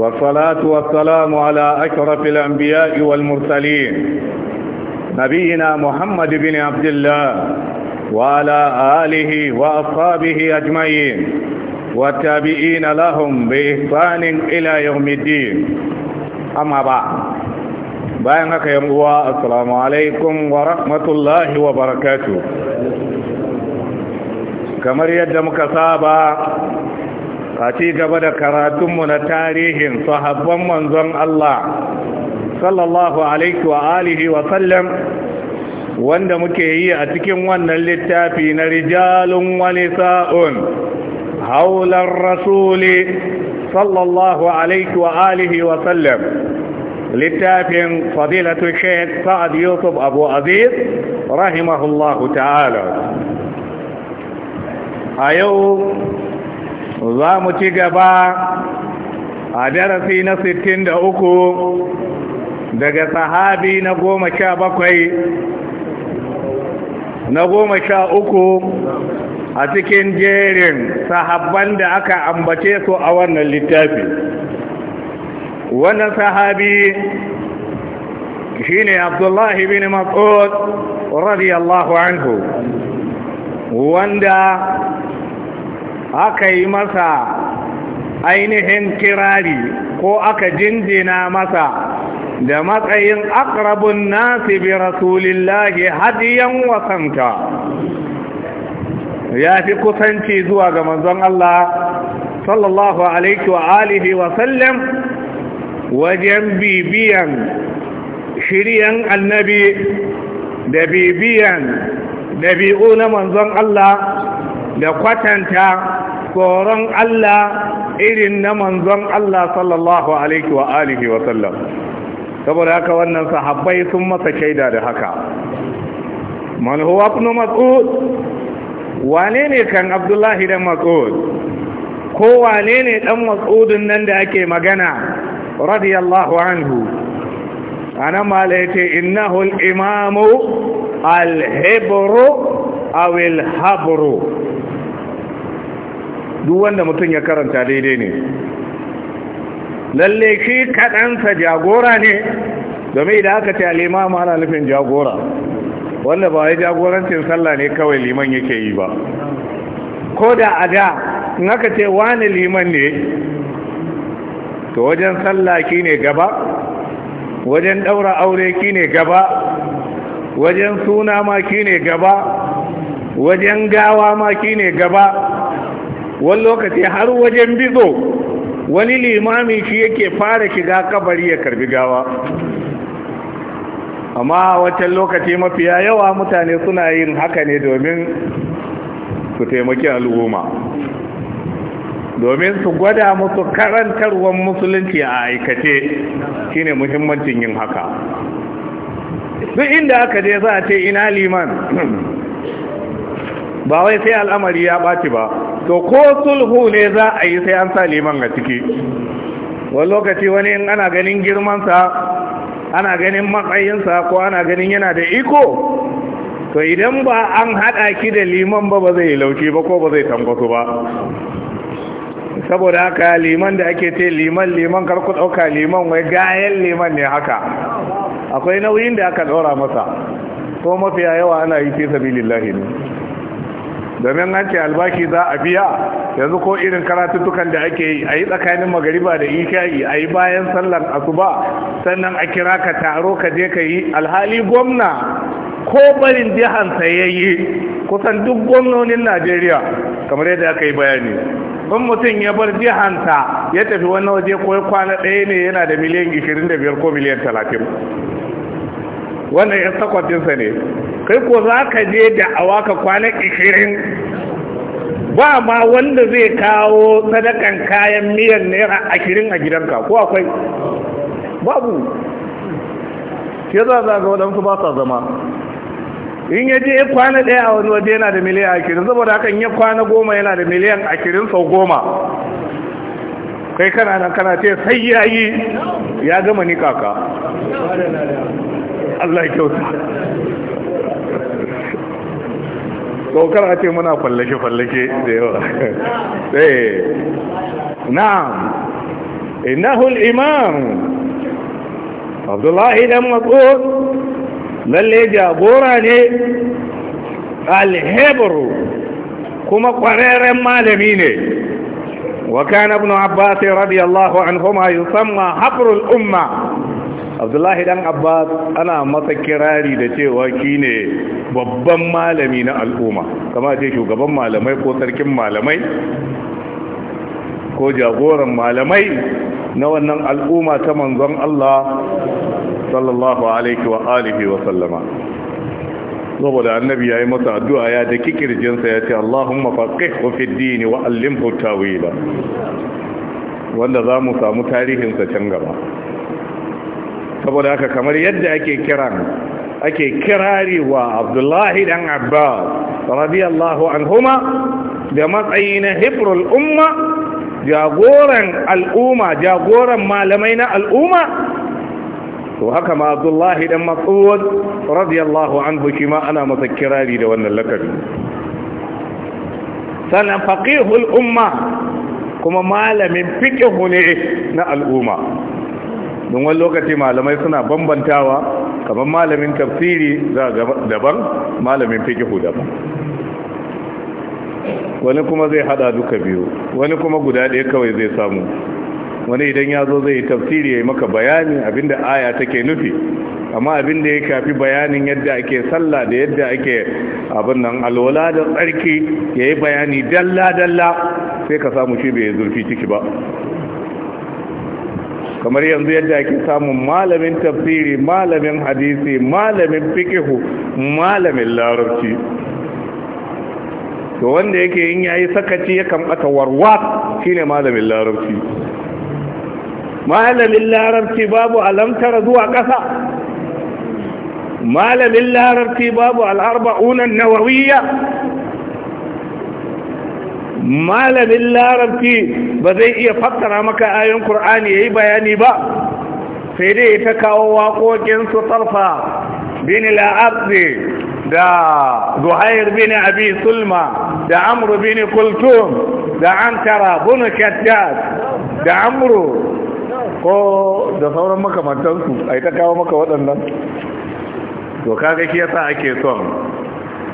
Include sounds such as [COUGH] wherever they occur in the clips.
والصلاة والسلام على أشرف الأنبياء والمرسلين نبينا محمد بن عبد الله وعلى آله وأصحابه أجمعين والتابعين لهم بإحسان إلى يوم الدين أما بعد bayan يا yan السلام عليكم ورحمة الله وبركاته كما يدمك صابا a ci gaba da karatunmu na tarihin sahabban manzon Allah sallallahu alaihi wa alihi wa sallam wanda muke yi a cikin wannan littafi na rijalun wani sa'un haular rasuli sallallahu alaihi wa alihi wa sallam littafin fadilatu sheik sa'ad yusuf abu aziz rahimahullahu ta'ala a yau za mu ci gaba a darasi na sittin da uku daga sahabi na goma sha bakwai na goma sha uku a cikin jerin sahabban da aka ambace su a wannan littafi wannan sahabi shi ne abdullahi bin mas'ud radiyallahu anhu wanda aka yi masa ainihin kirari ko aka jinjina masa da matsayin akrabun nasi bi rasulillahi hadiyan wasanta ya fi kusanci zuwa ga manzon Allah sallallahu alaihi wa alihi wa sallam wajen bibiyan shiryan annabi da bibiyan dabi'u na manzon Allah da kwatanta tsoron Allah irin na manzon Allah sallallahu alaihi wa alihi wa sallam saboda haka wannan sahabbai sun masa shaida da haka man huwa ibn mas'ud wane ne kan abdullahi dan mas'ud ko wane ne dan mas'udin nan da ake magana radiyallahu anhu ana mala innahu al-imamu al-hibru aw al-habru duk wanda mutum ya karanta daidai ne lalle shi kaɗansa jagora ne domin idan aka ce al'imamu ana nufin jagora wanda ba ya jagorancin sallah ne kawai liman yake yi ba ko da a da in aka ce wani liman ne to wajen sallah ki ne gaba wajen ɗaura aure ki ne gaba wajen suna ma ki ne gaba wajen gawa ma ki ne gaba wani lokaci har wajen bizo wani limami shi yake fara shiga kabari ya karbi gawa amma wancan lokaci mafiya yawa mutane suna yin haka ne domin su taimaki al'umma domin su gwada musu karantarwar musulunci a aikace shine muhimmancin yin haka duk inda aka je za a ce ina liman [CLEARS THROAT] ba wai sai al'amari ya ɓaci ba to ko sulhu ne za a yi sai an sa liman a ciki wani lokaci wani in ana ganin girmansa ana ganin matsayinsa ko ana ganin yana da iko to idan ba an haɗa ki da liman ba ba zai laushi ba ko ba zai tambato ba saboda haka liman da ake ce liman liman karku ɗauka liman wai gayen liman ne haka akwai nauyin da aka ɗora masa ko mafiya yawa ana yi fi lillahi ne domin an ce albashi za a biya yanzu ko irin karatuttukan da ake yi a yi tsakanin magariba da isha'i a yi bayan sallar asuba sannan a kira ka taro ka je ka yi alhali gwamna ko barin jihan ya kusan duk gwamnonin najeriya kamar yadda aka yi bayani in mutum ya bar jihansa ya tafi wani waje ko kwana ɗaya ne yana da miliyan 25 ko miliyan 30 wannan ya sakwatinsa ne kai ko za ka je da awa ka kwana ishirin ba ma wanda zai kawo sadakan kayan miyan naira ashirin a gidanka ko akwai babu ke za za ga waɗansu ba sa zama in ya je kwana ɗaya a wani waje yana da miliyan ashirin saboda hakan ya kwana goma yana da miliyan ashirin sau goma kai kana nan kana ce sai ya yi ya gama ni kaka Allah ya kyauta kokar a ce muna fallake-fallake da yawa eh, na'am innahul imam abdullahi dan matsot lalle jagora ne alhebru kuma kwararren malami ne wa kana ibn abbas radiyallahu anhuma yusamma habrul umma abdullahi dan abbas ana masa kirari da cewa shine babban malami na al'umma kamar ce shugaban malamai ko sarkin malamai ko jagoran malamai na wannan al'umma ta manzon Allah sallallahu alaihi wa alihi wa sallama saboda annabi yayi masa addu'a ya da kikirjinsa ya ce Allahumma faqihhu fi ddin wa allimhu tawila wanda zamu samu tarihin sa can gaba saboda haka kamar yadda ake kiran ake kirari wa abdullahi dan abbas radiyallahu anhuma da matsayi na hibrul umma jagoran al'umma jagoran malamai na al'umma to haka ma abdullahi dan mas'ud radiyallahu anhu shi ma ana masa kirari da wannan lakabi sannan faqihul umma kuma malamin fiqhu ne na al'umma don wani lokaci malamai suna bambantawa kamar malamin tafsiri za a daban malamin fikihu daban wani kuma zai hada duka biyu wani kuma guda ɗaya kawai zai samu wani idan ya zo zai yi tafsiri ya yi maka bayani abinda aya take nufi amma abinda ya kafi bayanin yadda ake sallah da yadda ake abin nan alwala da tsarki ya yi bayani dalla-dalla sai ka samu shi bai zurfi ciki ba kamar yanzu yadda ake samun malamin tafsiri malamin hadisi malamin fikihu malamin larabci to wanda yake yin yayi sakaci yakan bata warwat shine malamin larabci malamin larabci babu alamtara zuwa ƙasa malamin larabci babu al'arba'unan nawawiyya malamin larabci ba zai iya fassara maka ayon ya yayi bayani ba sai dai ta kawo waƙoƙin su tarfa bin da zuhair bini abi sulma da amru bini kultum da antara bin shaddad da amru ko da sauran makamantansu ai ta kawo maka waɗannan to kaga shi yasa ake son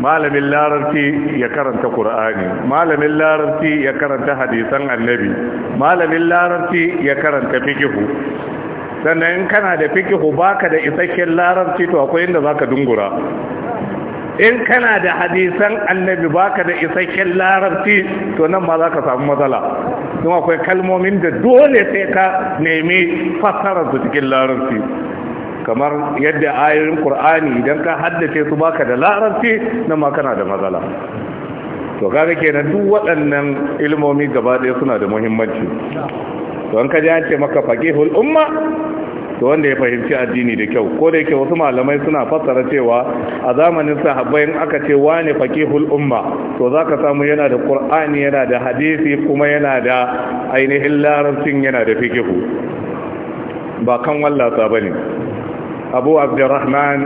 malamin larabci ya karanta qur'ani malamin larabci ya karanta hadisan annabi malamin larabci ya karanta fiqhu sannan in kana da fiqhu baka da isasshen larabci to akwai inda zaka dungura in kana da hadisan annabi baka da isasshen larabci to nan ma za ka samu matsala don akwai kalmomin da dole sai ka nemi fassararsu cikin larabci kamar yadda ayoyin qur'ani idan ka haddace su baka da larabci nan ma kana da matsala to kaga kenan duk waɗannan ilmomi gaba ɗaya suna da muhimmanci to an kaji an ce maka faqihul umma to wanda ya fahimci addini da kyau ko da yake wasu malamai suna fassara cewa a zamanin sahabbai in aka ce wane faqihul umma to zaka samu yana da qur'ani yana da hadisi kuma yana da ainihin larabcin yana da fiqhu ba kan wallasa bane abu abdurrahman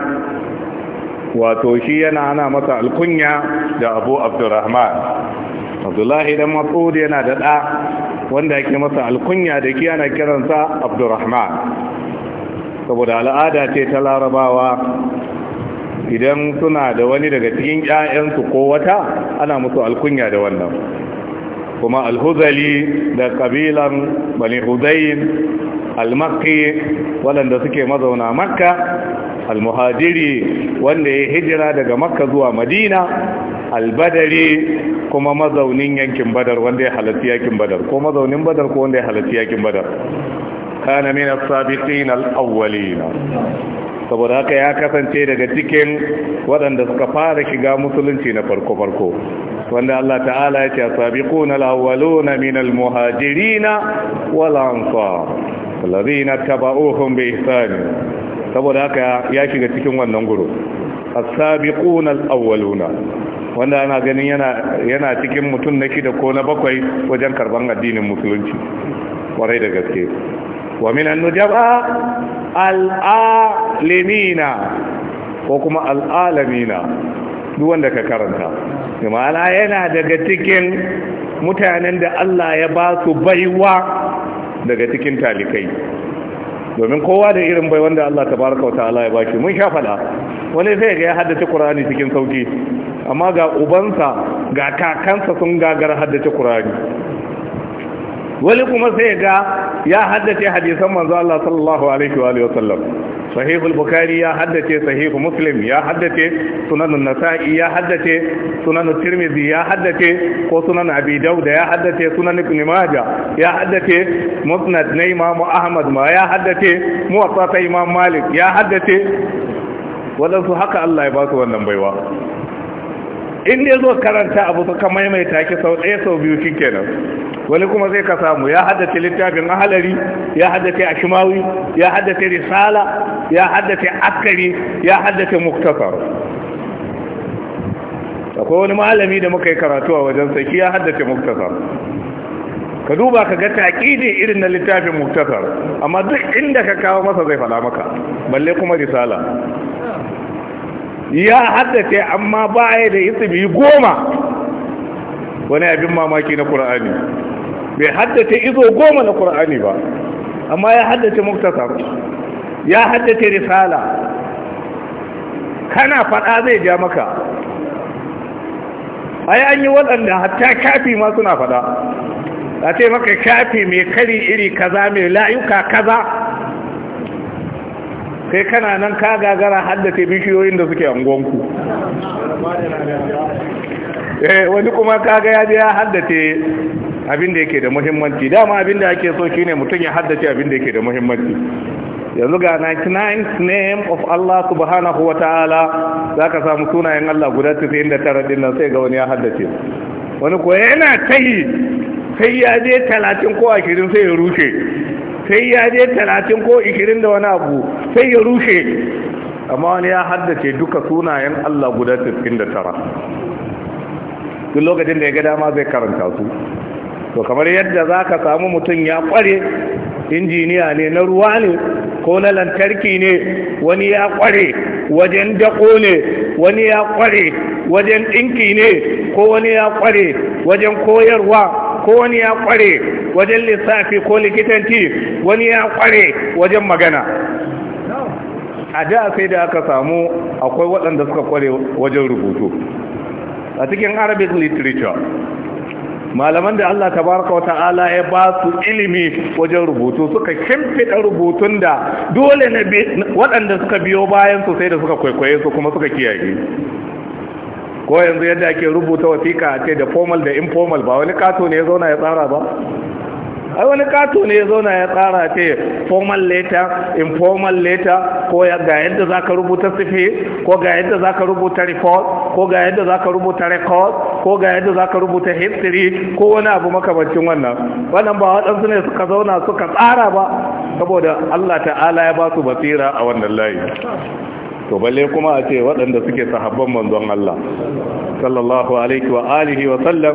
wato shi yana ana masa alkunya da abu abdurrahman abdullahi dan matsud yana da ɗa wanda yake masa alkunya da ke ana kiransa abdurrahman saboda al'ada ce ta larabawa idan suna da wani daga cikin 'ya'yansu ko wata ana musu alkunya da wannan kuma alhuzali da ƙabilan bani huzayin al-makki waɗanda suke mazauna makka al-muhajiri wanda ya hijira daga makka zuwa madina al-badari kuma mazaunin yankin badar wanda ya halatti yakin badar ko mazaunin badar ko wanda ya halatti yakin badar kana min as-sabiqin al-awwalin saboda haka ya kasance daga cikin waɗanda suka fara shiga musulunci na farko-farko wanda Allah ta'ala ya ce sabiquna al-awwaluna min al-muhajirin wal ansar allazina ohun bai ihsan saboda haka ya shiga cikin wannan guru a sabi ƙunar awwaluna wanda ana ganin yana cikin mutum na shida ko na bakwai wajen karban addinin musulunci kwarai da gaske wa minan nujaba al'alimina ko kuma al'alamina alamina duk wanda ka karanta kuma yana daga cikin mutanen da Allah ya ba su baiwa daga cikin talikai domin kowa da irin bai wanda Allah ta tabaraka wa ta'ala ya baki mun faɗa wani sai ga ya haddace Qur'ani cikin sauki amma ga ubansa ga kakansa sun gagar haddace Qur'ani wani kuma sai ga ya haddace hadisan manzo Allah sallallahu alaihi wa alihi wasallam sahih al-bukhari ya haddace sahih muslim ya haddace sunan an-nasa'i ya haddace sunan at-tirmidhi ya haddace ko sunan abi dawud ya haddace sunan ibn majah ya haddace musnad na imam ahmad ma ya haddace muwatta ta imam malik ya haddace wadansu haka Allah ya ba su wannan baiwa in dai zo karanta abu ka maimaita ki sau ɗaya sau biyu kenan wani kuma zai ka samu ya haddace littafin ahalari ya haddace ashimawi ya haddace risala ya haddace akari ya haddace muktasar akwai wani malami da muka yi karatu a wajen saki ya haddace muktasar ka duba ka ga taƙidi irin na littafin muktasar amma duk inda ka kawo masa zai fada maka balle kuma risala ya haddace amma ba da isimi goma wani abin mamaki na ƙura'ani bai haddace izo goma na ƙur'ani ba amma ya haddace muktasar ya haddace risala kana faɗa zai ja maka ai an yi waɗanda hatta kafi ma suna faɗa a ce maka kafi mai kari iri kaza mai layuka kaza kai kana nan ka gagara haddace bishiyoyin da suke angonku eh wani kuma kaga ya je ya haddace abin da yake da muhimmanci dama abin da ake so shine mutum ya haddace abin da yake da muhimmanci yanzu ga 99 name of Allah subhanahu wa ta'ala za ka samu sunayen Allah guda 99 din nan sai ga wani ya haddace wani ko yana tayi sai ya je talatin ko 20 sai ya rushe sai ya je talatin ko ikirin da wani abu sai ya rushe amma wani ya haddace duka sunayen Allah guda da tara. duk lokacin da ya ga dama zai karanta su to kamar yadda za ka samu mutum ya kware injiniya ne na ruwa ne ko na lantarki ne wani ya kware wajen dako ne wani ya kware wajen ɗinki ne ko wani ya kware wajen koyarwa ko wani ya kware wajen lissafi ko likitanci wani ya kware wajen magana a da sai da aka samu akwai waɗanda suka kware wajen rubutu a cikin arabic literature malaman da Allah tabaraka wa ta'ala ya ba su ilimi wajen rubutu suka kimfida rubutun da dole na waɗanda suka biyo bayan su sai da suka kwaikwaye su kuma suka kiyaye ko yanzu yadda ake rubuta wasiƙa a ce da formal da informal ba wani kato ne ya zauna ya tsara ba ai wani kato ne ya zauna ya tsara ce formal letter informal letter ko ga yadda za ka rubuta sifi ko ga yadda za ka rubuta report ko ga yadda za ka rubuta record ko ga yadda za ka rubuta history ko wani abu makamancin wannan wannan ba waɗansu ne suka zauna suka tsara ba saboda Allah ta'ala ya ba su basira a wannan layi to balle kuma a ce waɗanda suke sahabban manzon Allah sallallahu alaihi wa alihi wa sallam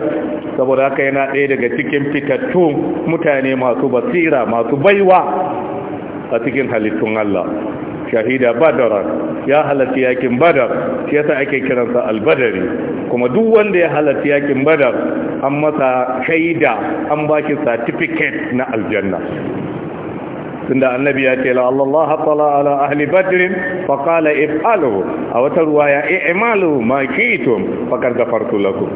saboda haka yana ɗaya daga cikin fitattun mutane masu basira masu baiwa a cikin halittun Allah shahida badar ya halarci yakin badar shi yasa ake kiransa albadari kuma duk wanda ya halarci yakin badar an masa shaida an baki certificate na aljanna tunda annabi ya ce la Allah tala ala ahli badr fa qala ifalu a wata ruwaya i'malu ma kitum fa kad gafartu lakum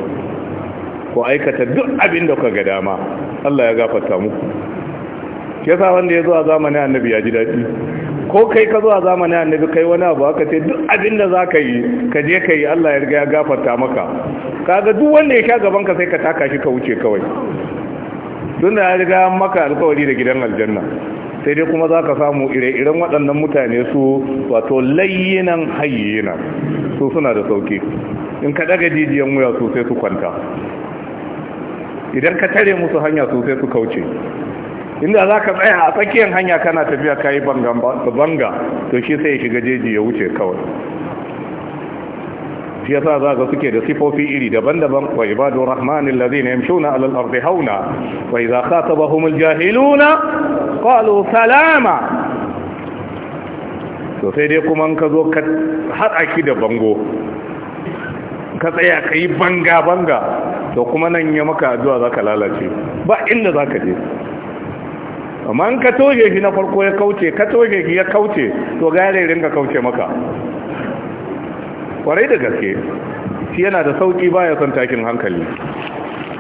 ko aikata duk abin da kuka ga dama Allah ya gafarta muku sa wanda ya zo a zamanin annabi ya ji daɗi ko kai ka zo a zamanin annabi kai wani abu aka ce duk abin da za ka yi ka je ka yi Allah ya riga ya gafarta maka kaga duk wanda ya sha gaban ka sai ka taka shi ka wuce kawai Tunda ya riga maka alƙawari da gidan aljanna sai dai kuma za ka samu ire-iren waɗannan mutane su wato layyinan hayyina su suna da sauki in ka daga jijiyan wuya su sai su kwanta idan ka tare musu hanya su sai su kauce inda za ka tsaya a tsakiyar hanya kana tafiya ka yi banga to shi sai ya shiga jeji ya wuce kawai shi yasa za ga suke da sifofi iri daban-daban wa ibadu rahmanin lazina yamshuna alal ardi hauna wa idza khatabahum jahiluna qalu salama to sai dai kuma ka zo ka haɗa ki da bango ka tsaya ka yi banga-banga to kuma nan ya maka zuwa za ka lalace ba inda za ka je amma in ka toje shi na farko ya kauce ka toje shi ya kauce to garerin ka kauce maka kwarai da gaske shi yana da sauƙi baya son takin hankali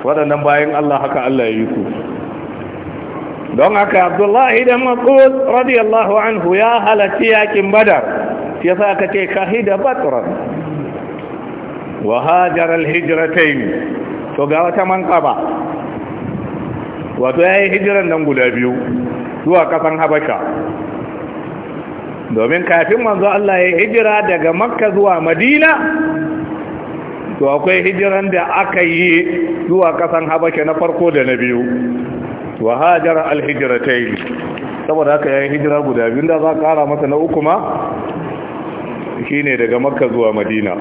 waɗannan bayan Allah haka Allah ya yi su don haka abdullahi da maqud radiyallahu anhu ya halarci yakin badar ya sa ka ce kahida batran wa hajar alhijratain to ga wata manqaba wato ya yi nan guda biyu zuwa kasan habasha domin kafin manzo Allah ya hijira daga makka zuwa madina to akwai hijiran da aka yi zuwa kasan habasha na farko da na biyu wa hajara alhijratayn saboda haka yayin hijira guda biyu da za kara masa na uku ma shine daga makka zuwa madina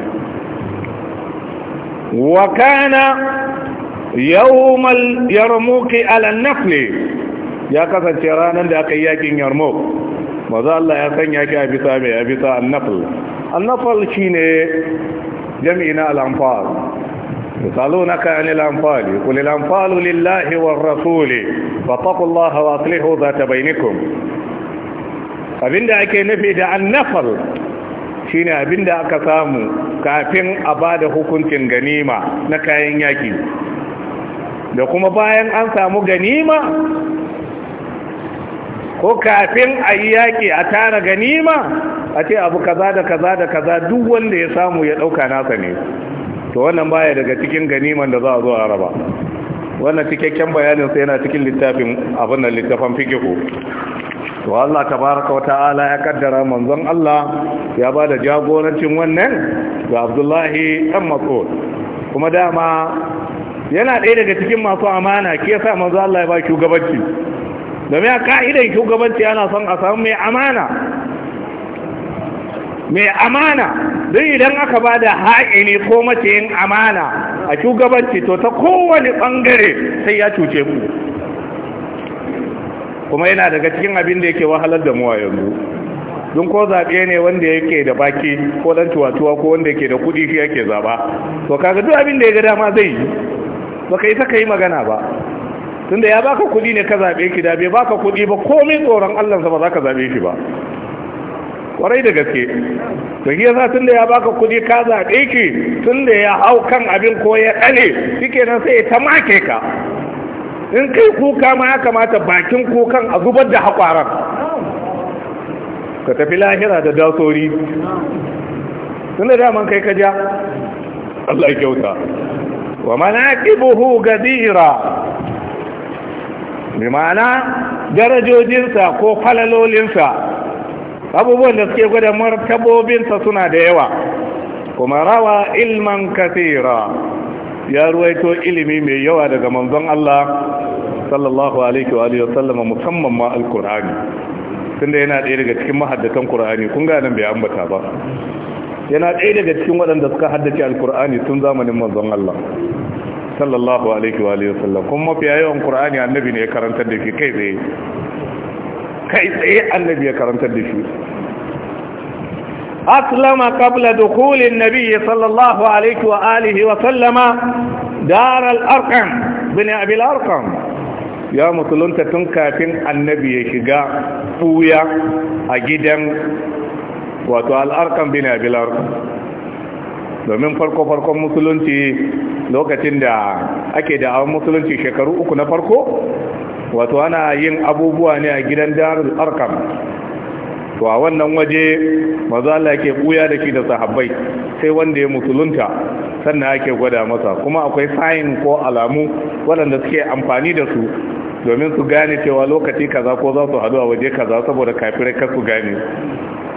wa kana yawmal yarmuk ala nafl ya kasance ranar da aka yi yakin yarmuk maza Allah ya san ki a bisa mai a bisa annafal shine jami'i na al-anfal يسألونك عن الأنفال قل الأنفال لله والرسول فاتقوا الله وأصلحوا ذات بينكم abinda ake nufi da annafal shine abinda aka samu kafin a bada hukuncin ganima na kayan yaki da kuma bayan an samu ganima ko kafin a yi yaƙi a tara ganima a ce abu kaza da da kaza duk wanda ya samu ya ɗauka nasa ne to wannan baya daga cikin ganiman da za a zo a raba wannan cikakken bayanin sai yana cikin littafin abin nan littafin fikihu to Allah tabaraka wa ta'ala ya kaddara manzon Allah ya bada jagorancin wannan ga Abdullahi dan Mas'ud kuma dama yana ɗaya daga cikin masu amana ke sa manzon Allah ya ba shugabanci da a ka'idan shugabanci ana son a samu mai amana mai amana don idan aka ba da ha'ini ko maciyin amana a shugabanci to ta kowane ɓangare sai ya cuce ku kuma yana daga cikin abin da yake wahalar da muwa yanzu don ko zaɓe ne wanda yake da baki ko ɗan tuwatuwa ko wanda yake da kuɗi shi yake zaɓa to kaga duk abin da ya ga dama zai yi ba ka yi ta ka yi magana ba tunda ya baka kuɗi ne ka zaɓe ki da bai baka kuɗi ba komai tsoron allansa ba za ka zaɓe shi ba kwarai da gaske to shi yasa tunda ya baka kuɗi ka zaɓe ki tunda ya hau kan abin ko ya ɗane nan sai ta make ka in kai kuka ma ya kamata bakin kukan a zubar da haƙwaran ka tafi lahira da dasori tunda daman kai ka ja Allah kyauta wa manaqibuhu gadira bi ma'ana darajojinsa ko falalolinsa abubuwan da suke gwada martabobinsa suna da yawa kuma rawa ilman kasira ya ruwaito ilimi mai yawa daga manzon Allah sallallahu alaihi wa alihi wasallama musamman ma alqur'ani tunda yana ɗaya daga cikin mahaddatan qur'ani kun ga nan bai ambata ba yana ɗaya daga cikin waɗanda suka haddace alqur'ani tun zamanin manzon Allah sallallahu alaihi wa alihi wasallam kuma mafiya yawan qur'ani annabi ne ya karantar da shi kai tsaye kai tsaye annabi ya karantar da shi aslama qabla dukhulin nabiy sallallahu alaihi wa alihi wa sallama dar al-arqam bin abi al-arqam ya musulunta tun kafin annabi ya shiga buya a gidan wato al-arqam bin abi al-arqam domin farko-farkon musulunci lokacin da ake da awon musulunci shekaru uku na farko wato ana yin abubuwa ne a gidan darul arkam to a wannan waje maza ke buya da shi da sahabbai sai wanda ya musulunta sannan ake gwada masa kuma akwai sayin ko alamu waɗanda suke amfani da su domin su gane cewa lokaci kaza ko za su hadu a waje kaza saboda kafirai kar su gane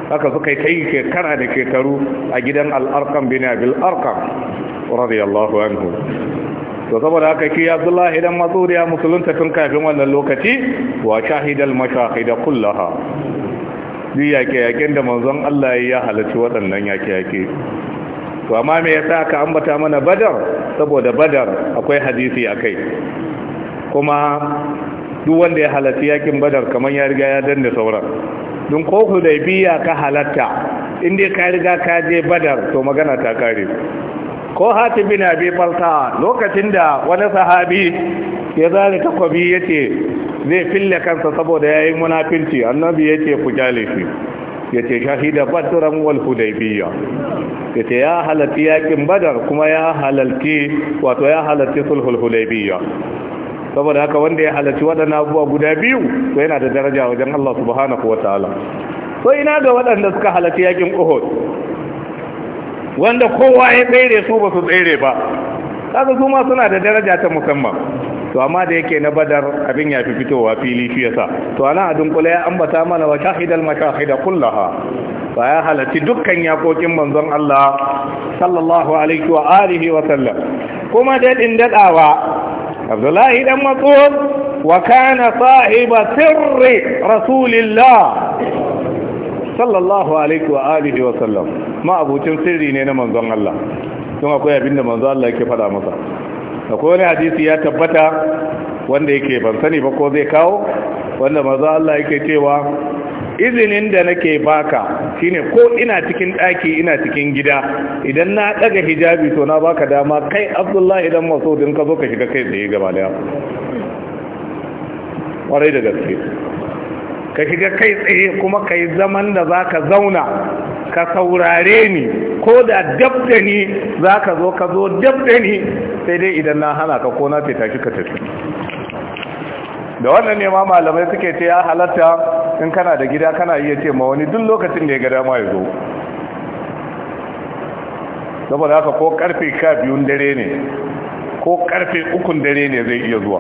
haka suka yi ta yi shekara da shekaru a gidan al'arkan bin abil arkam radiyallahu anhu to saboda haka ki Abdullahi dan Mas'ud ya musulunta tun kafin wannan lokaci wa shahidal mashahida kullaha ni yake yake da manzon Allah ya halarci waɗannan yake yake to amma me yasa ka ambata mana badar saboda badar akwai hadisi akai kuma duk wanda ya halarci yakin badar kamar ya riga ya danne sauran don ko hudaybiya ka halatta inda ka riga ka je badar to magana ta kare ko Hati bin abi balta lokacin da wani sahabi ya zare takobi yace zai fille kansa saboda yayin munafinci annabi yace ku jale shi yace shahida badran wal hudaybiyya yace ya halarci yakin badar kuma ya halalti wato ya halalti sulhul hudaybiyya saboda haka wanda ya halarci waɗannan abubuwa guda biyu to yana da daraja wajen Allah subhanahu wataala so ina ga waɗanda suka halarci yakin Uhud wanda kowa ya tsere su ba su tsere ba kaga su ma suna da daraja ta musamman to amma da yake na badar abin ya fi fitowa fili shi yasa to ana a dunkule ya ambata mana wa shahidal mashahida kullaha ba ya halarci dukkan yakokin manzon Allah sallallahu alaihi wa alihi wa sallam kuma dadin dadawa Abdullahi dan Mas'ud wa kana sahiba sirri Rasulillah sallallahu alaihi wa alihi wa sallam ma abucin sirri ne na manzon Allah don akwai abin da manzon Allah yake faɗa masa akwai wani hadisi ya tabbata wanda yake ban sani ba ko zai kawo wanda manzon Allah yake cewa izinin da nake baka shine ko ina cikin daki ina cikin gida idan na daga hijabi to na baka dama kai Abdullahi idan masudin ka zo ka shiga kai tsaye gaba daya kwarai da gaske ka shiga kai tsaye kuma ka yi zaman da za ka zauna ka saurare ni ko da dabda ni za ka zo ka zo dabda ni sai dai idan na hana ka ko na fita ka tafi da wannan ne ma malamai suke ce ya halatta in kana da gida kana iya ce ma wani duk lokacin da ya gada ma ya zo saboda haka ko karfe ka biyun dare ne ko karfe ukun dare ne zai iya zuwa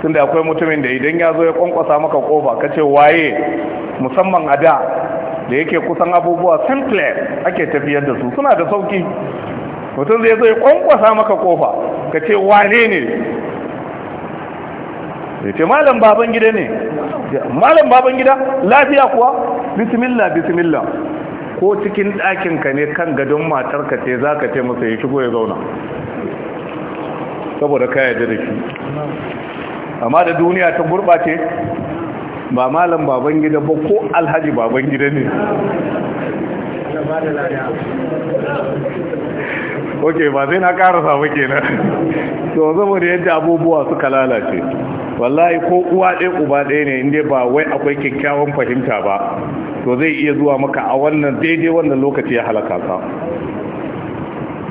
tunda akwai mutumin da idan ya zo ya kwankwasa maka kofa ka ce waye musamman a da da yake kusan abubuwa simple ake tafiyar da su suna da sauki mutum zai zo ya kwankwasa maka kofa ka ce wane ne ya ce malam baban gida ne malam baban gida lafiya kuwa bismillah bismillah ko cikin ɗakinka ne kan gadon matarka ce za ka ce masa ya shigo ya zauna saboda ka yarda da shi amma da duniya ta gurɓace ba malam baban gida ba ko alhaji baban gida ne ok ba sai na karasa ba kenan to saboda yadda abubuwa suka lalace wallahi ko uwa ɗaya uba ɗaya ne inda ba wai akwai kyakkyawan fahimta ba to zai iya zuwa maka a wannan daidai wannan lokaci ya halaka ka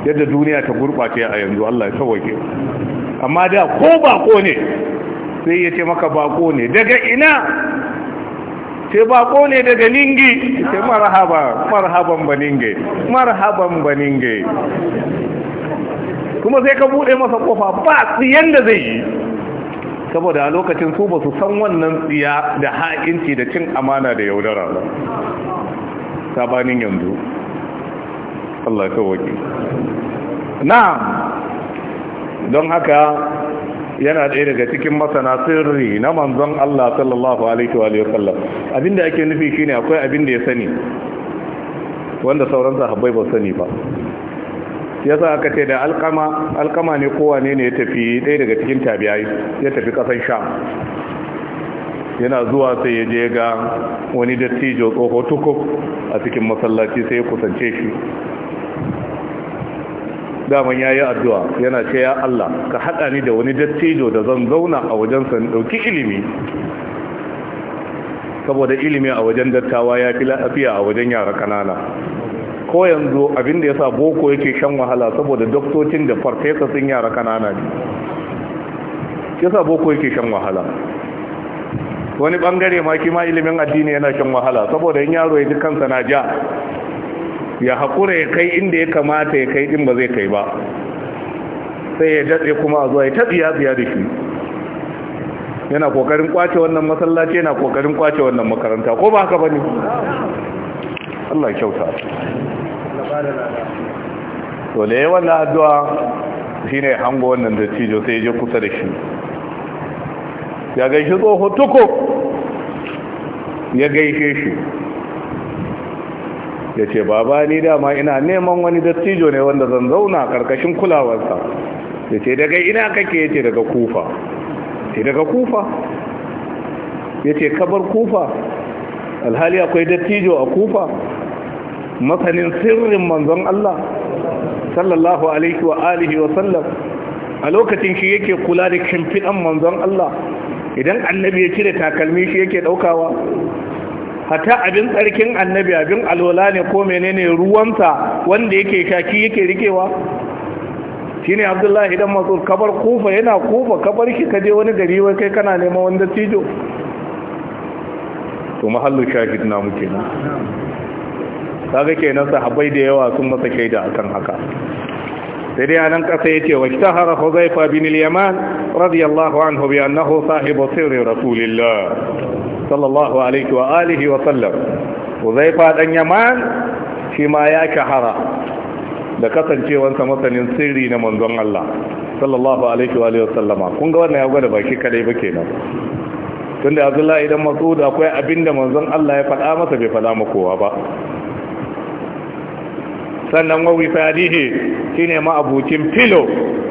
yadda duniya ta gurɓace a yanzu Allah ya sauwake amma da ko ba ko ne sai ya ce maka bako ne daga ina sai bako ne daga ningi sai marhaba marhaban baninge marhaban baninge kuma sai ka bude masa kofa ba tsiyan da zai yi saboda a lokacin su ba su san wannan tsiya da ha'inci da cin amana da yaudara ba sabanin yanzu Allah ta wake na don haka yana ɗaya daga cikin masana sirri na manzon Allah sallallahu alaihi wa sallam abinda ake nufi shine akwai abin da ya sani wanda sauran sahabbai ba sani ba yasa aka ce da alkama alkama ne wane ne ya tafi ɗaya daga cikin tabi'ai ya tafi ƙasar sha. yana zuwa sai ya je ga wani dattijo tsoho tukuk a cikin masallaci sai ya kusance shi daman ya yi addu'a yana ce ya Allah ka haɗa ni da wani dattijo da zan zauna a wajensa ɗauki ilimi saboda ilimi a wajen dattawa ya fi lafiya a wajen yara kanana ko yanzu abinda ya sa boko yake shan wahala saboda doktocin da farfesa sun yara kanana ne ya sa boko yake shan wahala wani ɓangare ma kima ilimin addini yana shan wahala saboda in yaro ya ji kansa na ja ya haƙura ya kai inda ya kamata ya kai ɗin ba zai kai ba sai ya jaɗe kuma a zuwa ya taɓi ya biya da shi yana ƙoƙarin ƙwace wannan masallaci yana ƙoƙarin ƙwace wannan makaranta ko ba haka ba ne Allah kyauta to da yawan na addu'a shi ne hango wannan dattijo sai ya je kusa da shi ya gaishe tsoho tuko ya gaishe shi ya ce baba ni dama ina neman wani dattijo ne wanda zan zauna karkashin kulawarsa ya ce daga ina kake ya ce daga kufa ce daga kufa ya ce kabar kufa alhali akwai dattijo a kufa masanin sirrin manzon Allah sallallahu alaihi wa alihi wa sallam a lokacin shi yake kula da kimfidan manzon Allah idan annabi ya cire takalmi shi yake daukawa Hata abin tsarkin annabi abin alwala ne ko menene ruwansa wanda yake shaki yake rikewa shine abdullahi idan masu kabar kufa yana kufa kabar ki kaje wani gari wai kai kana neman wanda tijo to mahallu shahid na muke nan kaga kenan sahabbai da yawa sun masa shaida akan haka sai dai ƙasa ya ce wa ishtahara huzaifa bin al-yaman radiyallahu anhu bi annahu sahibu sirri rasulillah sallallahu alaihi wa alihi wa sallam huzaifa dan yaman shi ma ya shahara da kasancewansa masanin sirri na manzon Allah sallallahu alaihi wa alihi wa sallama kun ga wannan ya gwada baki kadai ba kenan tunda Abdullahi idan Mas'ud akwai abinda manzon Allah ya faɗa masa bai faɗa ma kowa ba sannan wa wisadihi shine ma'abucin filo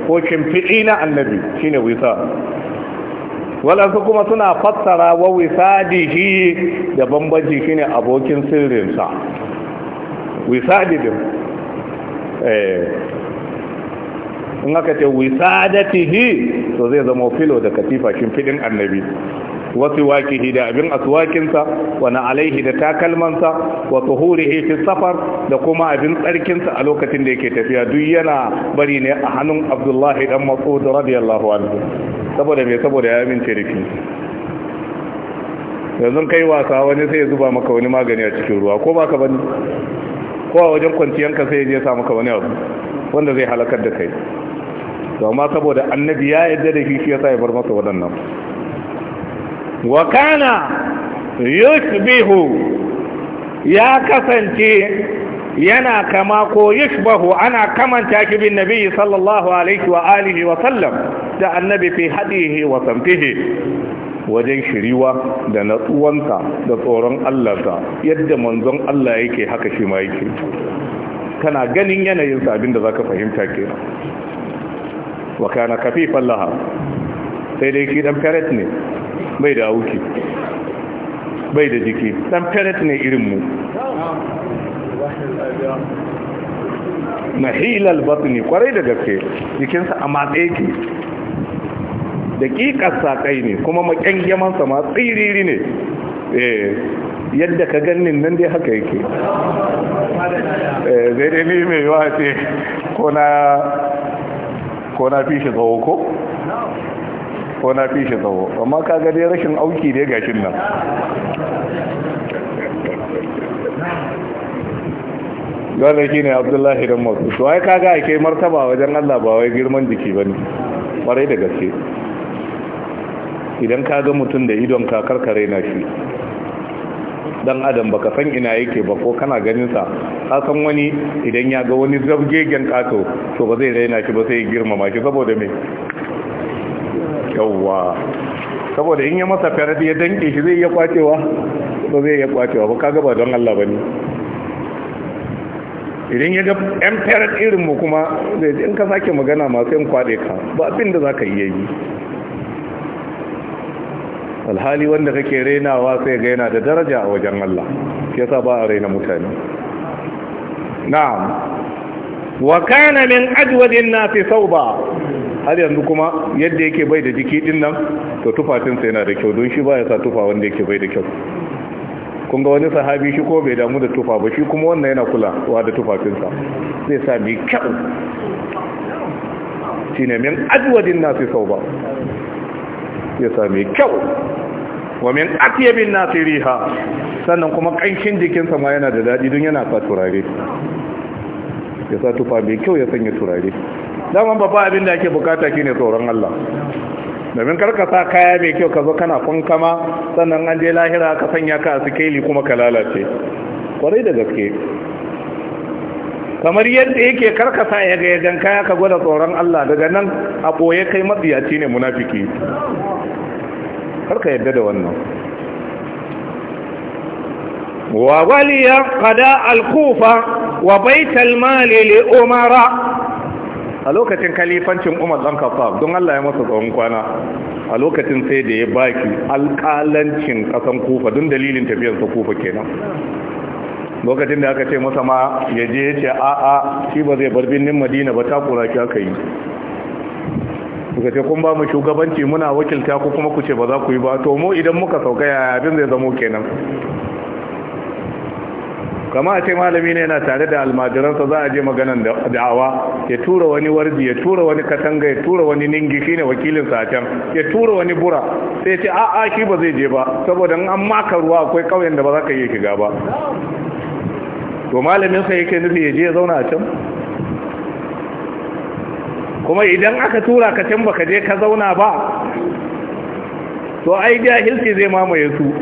ko kimfiɗi na annabi shine wisa waɗansu kuma suna fassara wa wisadihi da bambanci shine abokin sirrinsa wisadidin eh, in aka ce wisadatihi to zai zama filo da katifa kimfiɗin annabi wasu waƙihi da abin aswakinsa wani alaihi da takalmansa wa huri, fi safar da kuma abin tsarkinsa a lokacin da yake tafiya duk yana bari ne a hannun abdullahi dan mas'ud radiyallahu anhu saboda me saboda ya amince da shi yanzu kai wasa wani sai ya zuba maka wani magani a cikin ruwa ko baka bani ko a wajen kwanciyanka sai ya je sa maka wani abu wanda zai halakar da kai to amma saboda annabi ya yarda da shi shi yasa ya bar masa waɗannan Wakana kana ya kasance yana kama ko yushbahu ana kamanta shi bin nabi sallallahu alaihi wa alihi wa sallam da annabi fi hadihi wa samtihi wajen shiriwa da natsuwansa da tsoron Allahnsa yadda manzon Allah yake haka shi ma yake kana ganin yanayin sabin da zaka fahimta kenan wa kana kafifan laha sai dai shi dan ferret ne bai da auki bai da jiki dan feret ne irinmu na hilal batni kwarai da gaske jikinsa a matsaye ke sa saƙai ne kuma makyangemansa ma tsiriri ne eh, yadda ka ganni nan dai haka yake zai eh, dai ne mai yawa ce ko na fi shi tsawo ko ko na fi shi tsawo amma ka ga rashin auki dai gashin nan wanda shi ne abdullahi don masu su ai kaga a kai martaba wajen allah ba wai girman jiki ba ne ƙwarai da gaske idan ka ga mutum da idon kakar kare na shi dan adam baka san ina yake ba ko kana ganin sa ka san wani idan ya ga wani zabgegen kato to ba zai raina shi ba sai ya girmama shi saboda me yawwa saboda in ya masa faradi ya danke shi zai iya kwacewa ba zai iya kwacewa ba kaga ba don Allah bane idan ya ga yan farad irin mu kuma zai in ka sake magana masu in kwade ka ba abin da zaka iya yi alhali wanda kake renawa sai ga yana da daraja a wajen Allah yasa ba a raina mutane na'am wa kana min ajwadin nasi sauba har yanzu kuma yadda yake bai da jiki din nan to tufafinsa yana da kyau don shi ba ya sa tufa wanda yake bai da kyau kun ga wani sahabi shi ko bai damu da tufa ba shi kuma wannan yana kulawa da tufafinsa zai sa mai kyau shi ne min adwadin nasi sau ba ya sa mai kyau wa min atyabin nasi riha sannan kuma ƙanshin jikinsa ma yana da daɗi don yana sa turare ya sa tufa mai kyau ya sanya turare daman babba abin da ake bukata shine tsoron Allah domin karka sa kaya mai kyau ka zo kana kunkama sannan an je lahira ka sanya ka a sikeli kuma ka lalace kwarai da gaske kamar yadda yake karka sa ya ga yagan kaya ka gwada tsoron Allah daga nan a boye kai matsiyaci ne munafiki karka yadda da wannan wa waliya qada al-kufa wa baital mali li umara a lokacin kalifancin umar ɗan kafa don allah ya masa tsawon kwana a lokacin sai da ya baki alƙalancin ƙasan kufa don dalilin tafiyarsa kufa kenan lokacin da aka ce masa ma ya je ya ce a'a shi ba zai bar birnin madina ba ta kura ki aka yi suka ce kun ba mu shugabanci muna wakilta ku kuma ku ce ba za ku yi ba to mu idan muka sauka yaya abin zai zamo kenan kama a ce malami ne yana tare da almajiransa za a je maganan da'awa ya tura wani warji ya tura wani katanga ya tura wani ningi shi ne wakilin sa can ya tura wani bura sai ce a'a shi ba zai je ba saboda an maka ruwa akwai kauyen da ba za ka iya shiga ba to malamin sa yake nufi ya je ya zauna a can kuma idan aka tura ka can ba ka je ka zauna ba to ai jahilci zai mamaye su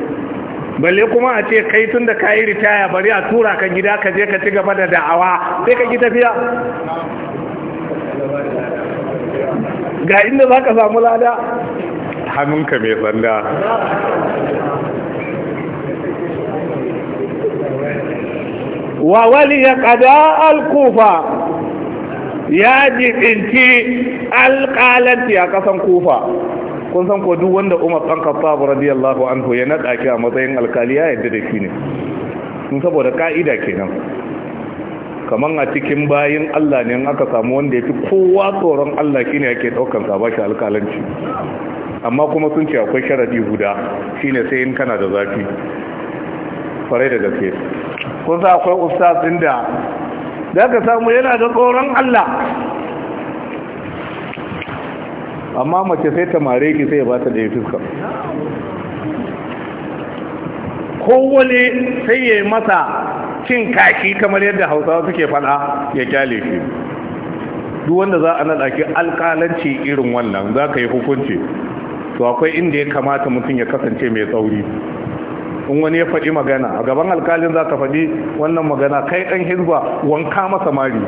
balle kuma a ce kai tun da ka ritaya bari a tura ka gida ka je ka ci gaba da da'awa sai ka ji tafiya ga inda za ka samu lada hannunka mai tsanda wa wali ya kada al-kufa ya jiɗinci alƙalanci a ƙasan kufa kun san ko duk wanda Umar dan Khattab radiyallahu anhu ya nada ki a matsayin alkali yadda da shi ne kun saboda ka'ida kenan kaman a cikin bayin Allah ne aka samu wanda yafi kowa tsoron Allah shine yake daukan sa bashi alkalanci amma kuma sun ce akwai sharadi guda shine sai in kana da zafi fare da gaske kun sa akwai ustaz din da da samu yana da tsoron Allah amma mace sai ta mare ki sai ba ta da fuska kowane sai ya yi masa cin kaki kamar yadda hausawa suke fada ya kyale shi duk wanda za a naɗaki ki irin wannan za ka yi hukunci to akwai inda ya kamata mutum ya kasance mai tsauri in wani ya faɗi magana a gaban alkalin za ka faɗi wannan magana kai ɗan hizba wanka masa mari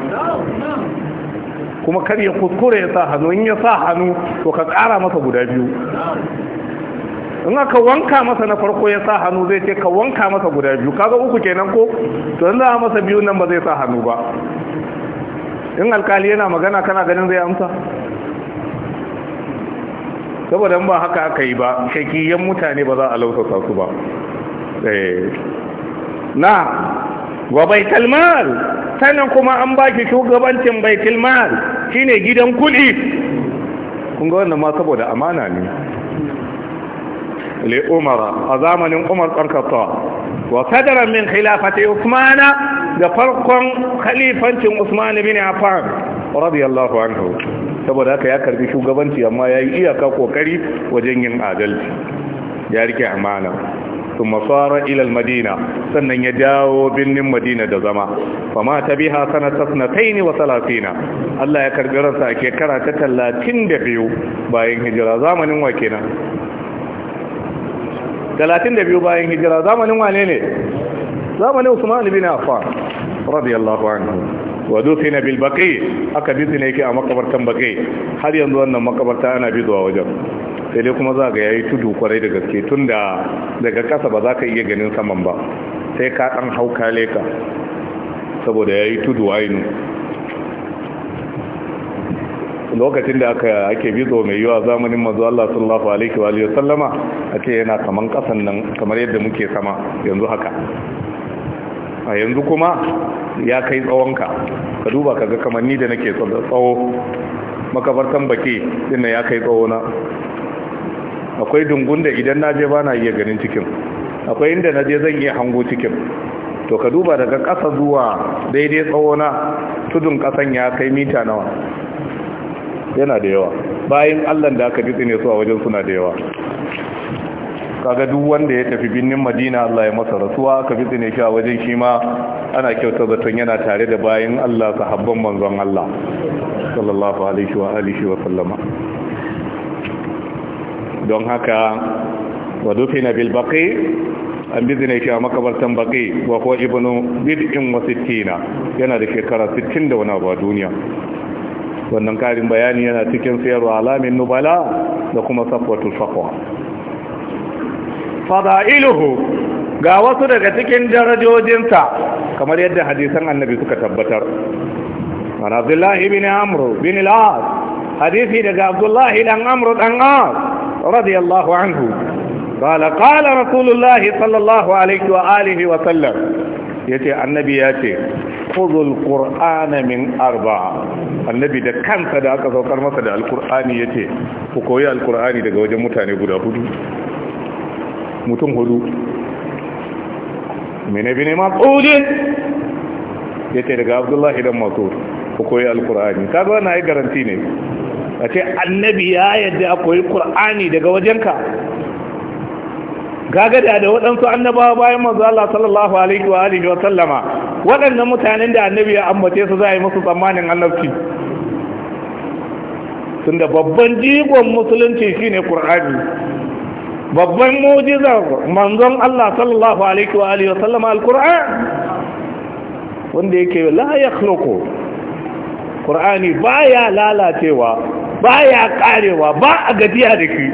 kuma kar ya kuskure ya sa hannu in ya sa hannu to ka kara masa guda biyu in aka wanka masa na farko ya sa hannu zai ce ka wanka masa guda biyu kaga uku kenan ko to in za a masa biyu nan ba zai sa hannu ba in alkali yana magana kana ganin zai amsa saboda ba haka aka yi ba shakiyan mutane ba za a lausa su ba eh. na wa baitul mal sannan kuma an baki shugabancin baitul mal shine gidan kudi kun ga wannan ma saboda amana ne li a zamanin umar karkata wa sadaran min khilafati usmana da farkon khalifancin usman bin affan radiyallahu anhu saboda haka ya karbi shugabanci amma ya yi iyaka kokari wajen yin adalci ya rike amana su masara ilal madina sannan ya jawo birnin madina da zama fama ta biha na sanataini wa salafina Allah ya karbi ransa a shekara ta talatin da biyu bayan hijira zamanin wa kenan talatin da biyu bayan hijira zamanin wane ne zamanin usman bin affan radiyallahu anhu wa dufina bil baqi aka bizne yake a makabartan baqi har yanzu wannan makabarta ana bizuwa wajen sai dai kuma za ga yayi tudu kwarai da gaske tun da daga ƙasa ba za ka iya ganin saman ba sai ka ɗan hau kale ka saboda yayi tudu ainu lokacin da aka ake bizo mai yiwa zamanin manzo Allah sallallahu alaihi wa alihi sallama ake yana kaman kasan nan kamar yadda muke sama yanzu haka a yanzu kuma ya kai tsawonka ka duba kaga kamar ni da nake tsawo makabartan baki din ya kai tsawo na akwai dungun da idan na je bana iya ganin cikin akwai inda na je zan iya hango cikin to ka duba daga ƙasa zuwa daidai tsawona tudun ƙasan ya kai mita nawa yana da yawa bayan allan da aka jitsi ne su a wajen suna da yawa kaga duk wanda ya tafi binnin madina allah ya masa rasuwa aka jitsi ne shi a wajen shi ma ana kyauta zaton yana tare da bayan allah sahabban manzon allah sallallahu alaihi wa alihi wa sallama don haka wa dufina bil baqi an bizne shi a makabartan baqi wa huwa ibnu bid'in wa sittina yana da shekara 60 da wani abu a duniya wannan karin bayani yana cikin sayarwa alamin nubala da kuma safwatul faqwa fada'iluhu ga wasu daga cikin darajojinsa kamar yadda hadisan annabi suka tabbatar ana abdullahi bin amr bin al hadisi daga abdullahi dan amru dan as radiyallahu anhu قال قال رسول الله صلى الله عليه وآله وسلم يتي النبي ياتي خذوا القرآن من أربعة النبي ده كان صدا أكثر كرمة ده القرآن يتي فكوية القرآن ده وجه متاني قد أخذ متن هدو من ابن مسعود يتي ده عبد الله ده مسعود فكوية القرآن كذا أنا أي garanti ne a ce annabi ya yadda a koyi ƙur'ani daga wajenka gagada da waɗansu annabawa bayan manzo Allah sallallahu alaihi wa alihi wa sallama waɗannan mutanen da annabi ya ambace su za a yi musu tsammanin annabci tunda babban jigon musulunci shine qur'ani babban mu'jizar manzon Allah sallallahu alaihi wa alihi wa sallama alquran wanda yake la yakhluqu qur'ani baya lalacewa Ba ya karewa ba a gajiya da ke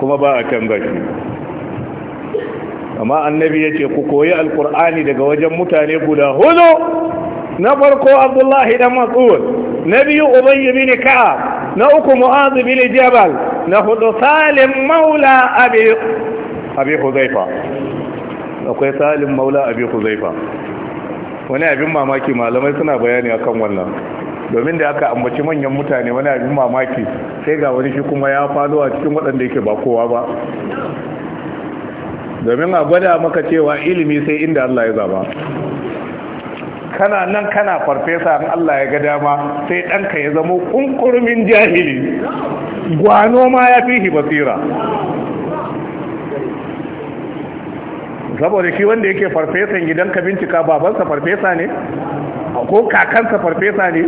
kuma ba a canza shi amma annabi ya ce ku koyi alkur'ani daga wajen mutane guda hudu na farko abdullahi dan mas'ud na biyu ubayy bin ka'ab na uku mu'az bin jabal na hudu salim maula abi abi huzaifa akwai salim maula abi huzaifa wani abin mamaki malamai suna bayani akan wannan domin da aka ambaci manyan mutane wani abin mamaki sai ga wani shi kuma ya fado a cikin waɗanda yake ba kowa ba domin a gwada maka cewa ilimi sai inda Allah ya zaba kana nan kana farfesa in Allah ya ga dama sai ɗanka ya zama ƙunkurmin jahili gwano ma ya fi basira saboda shi wanda yake farfesan gidan ka bincika babansa farfesa ne ko kakansa farfesa ne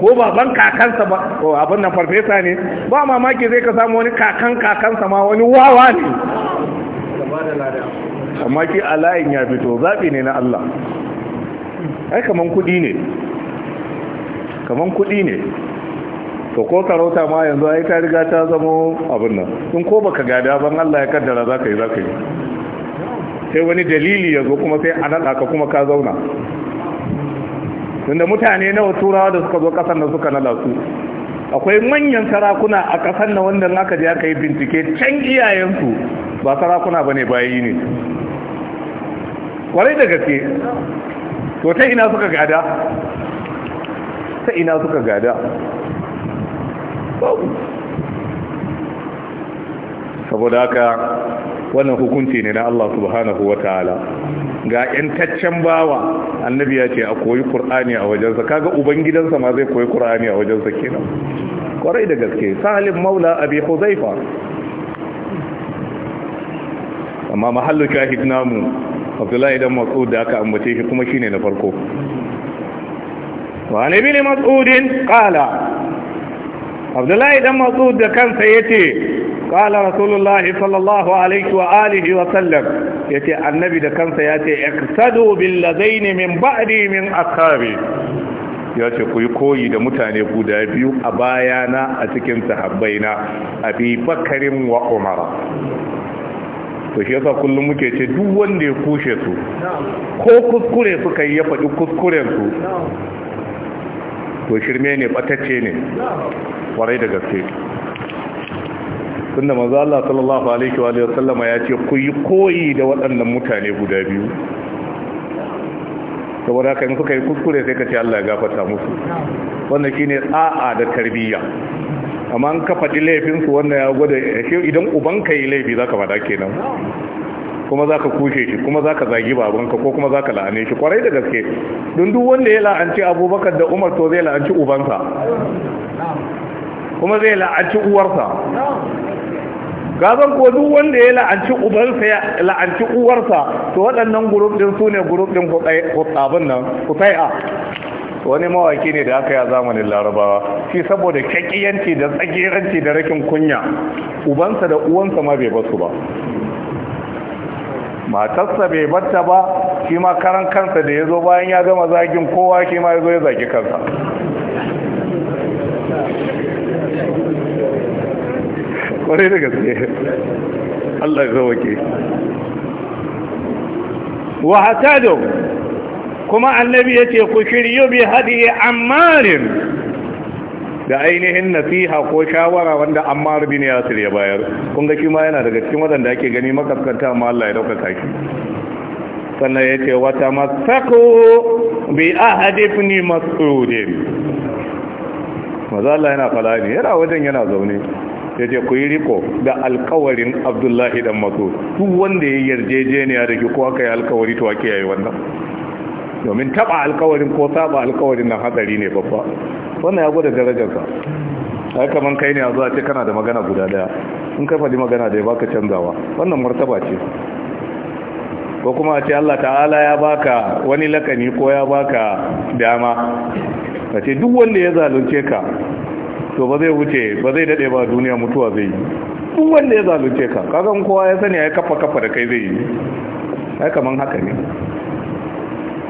ko baban kakansa ba ko abin nan farfesa ne ba mamaki zai ka samu wani kakan kakansa ma wani wawa ne amma ki a layin ya fito zaɓi ne na Allah ai kaman kuɗi ne kaman kuɗi ne to ko sarauta ma yanzu ai ta riga ta zamo abin nan in ko baka gada ban Allah ya kaddara za ka yi za ka yi sai wani dalili yazo kuma sai a naɗa kuma ka zauna tunda mutane nawa turawa da suka zo kasar da suka lalasu akwai manyan sarakuna a kasar na wanda aka je aka yi bincike can iyayensu ba sarakuna bane bayi ne kwarai da gaske to ta ina suka gada ta ina suka gada saboda haka wannan hukunci ne na Allah subhanahu wa ta'ala ga yantaccen bawa annabi ya ce a koyi qur'ani a wajensa kaga ubangidansa ma zai koyi qur'ani a wajensa kenan kwarai da gaske salim maula abi huzaifa amma mahallu shahid namu abdullahi dan mas'ud da aka ambace shi kuma shine na farko wa ne bin mas'udin qala abdullahi dan mas'ud da kansa yace قال رسول الله alaihi الله عليه wa sallam yace annabi da kansa yace iqsadu bil ladaini min ba'di min ashabi ya ce ku yi koyi da mutane guda biyu a bayana a cikin sahabbaina abi bakarin wa umara to shi yasa kullum muke ce duk wanda ya kushe su ko kuskure suka yi ya faɗi kuskuren su to shirme ne ɓatacce ne ƙwarai da gaske tunda manzo Allah sallallahu alaihi wa sallama ya ce ku yi koyi da waɗannan mutane guda biyu saboda kai kuka yi kuskure sai ka ce Allah ya gafarta musu wannan shine tsa'a da tarbiyya amma an kafa laifin su wannan ya gwada shi idan uban ka yi laifi zaka fada kenan kuma za ka kushe shi kuma za ka zagi babanka ko kuma za ka la'ane shi kwarai da gaske don duk wanda ya la'anci abubakar da umar to zai la'anci ubansa kuma zai la'anci uwarsa gazan ko duk wanda ya la'anci ubansa ya la'anci uwarsa to waɗannan gurub din su ne gurub din kutsabin nan kutsai'a wani mawaki ne da aka yi a zamanin larabawa shi saboda kyakiyanci da tsagiranci da rakin kunya ubansa da uwansa ma bai basu ba matarsa bai batta ba shi ma karan kansa da ya zo bayan ya gama zagin kowa shi ma ya zo ya zagi kansa kwarai da gaske Allah ya zawake wa hatado kuma annabi yace ku shiryo bi hadiye ammarin da ainihin nasiha ko shawara wanda ammar bin yasir ya bayar kun ga shi ma yana daga cikin wadanda ake gani makaskanta amma Allah ya dauka kaki sannan ya ce wata masaku ahadi ibn mas'ud maza Allah yana fala ne yana wajen yana zaune ya ce ku yi riko da alkawarin abdullahi dan masu duk wanda ya yarjejeniya da ki ko aka yi alkawari to ake yayi wannan domin taba alkawarin ko saba alkawarin nan hadari ne babba wannan ya gwada darajarsa ai kaman kai ne a zuwa ce kana da magana guda daya in ka faɗi magana da ya baka canzawa wannan martaba ce ko kuma a ce Allah ta'ala ya baka wani lakani ko ya baka dama ka ce duk wanda ya zalunce ka to ba zai wuce ba zai dade ba duniya mutuwa zai yi duk wanda ya zalunce ka kagan kowa ya sani ya kafa kafa da kai zai yi ai kaman haka ne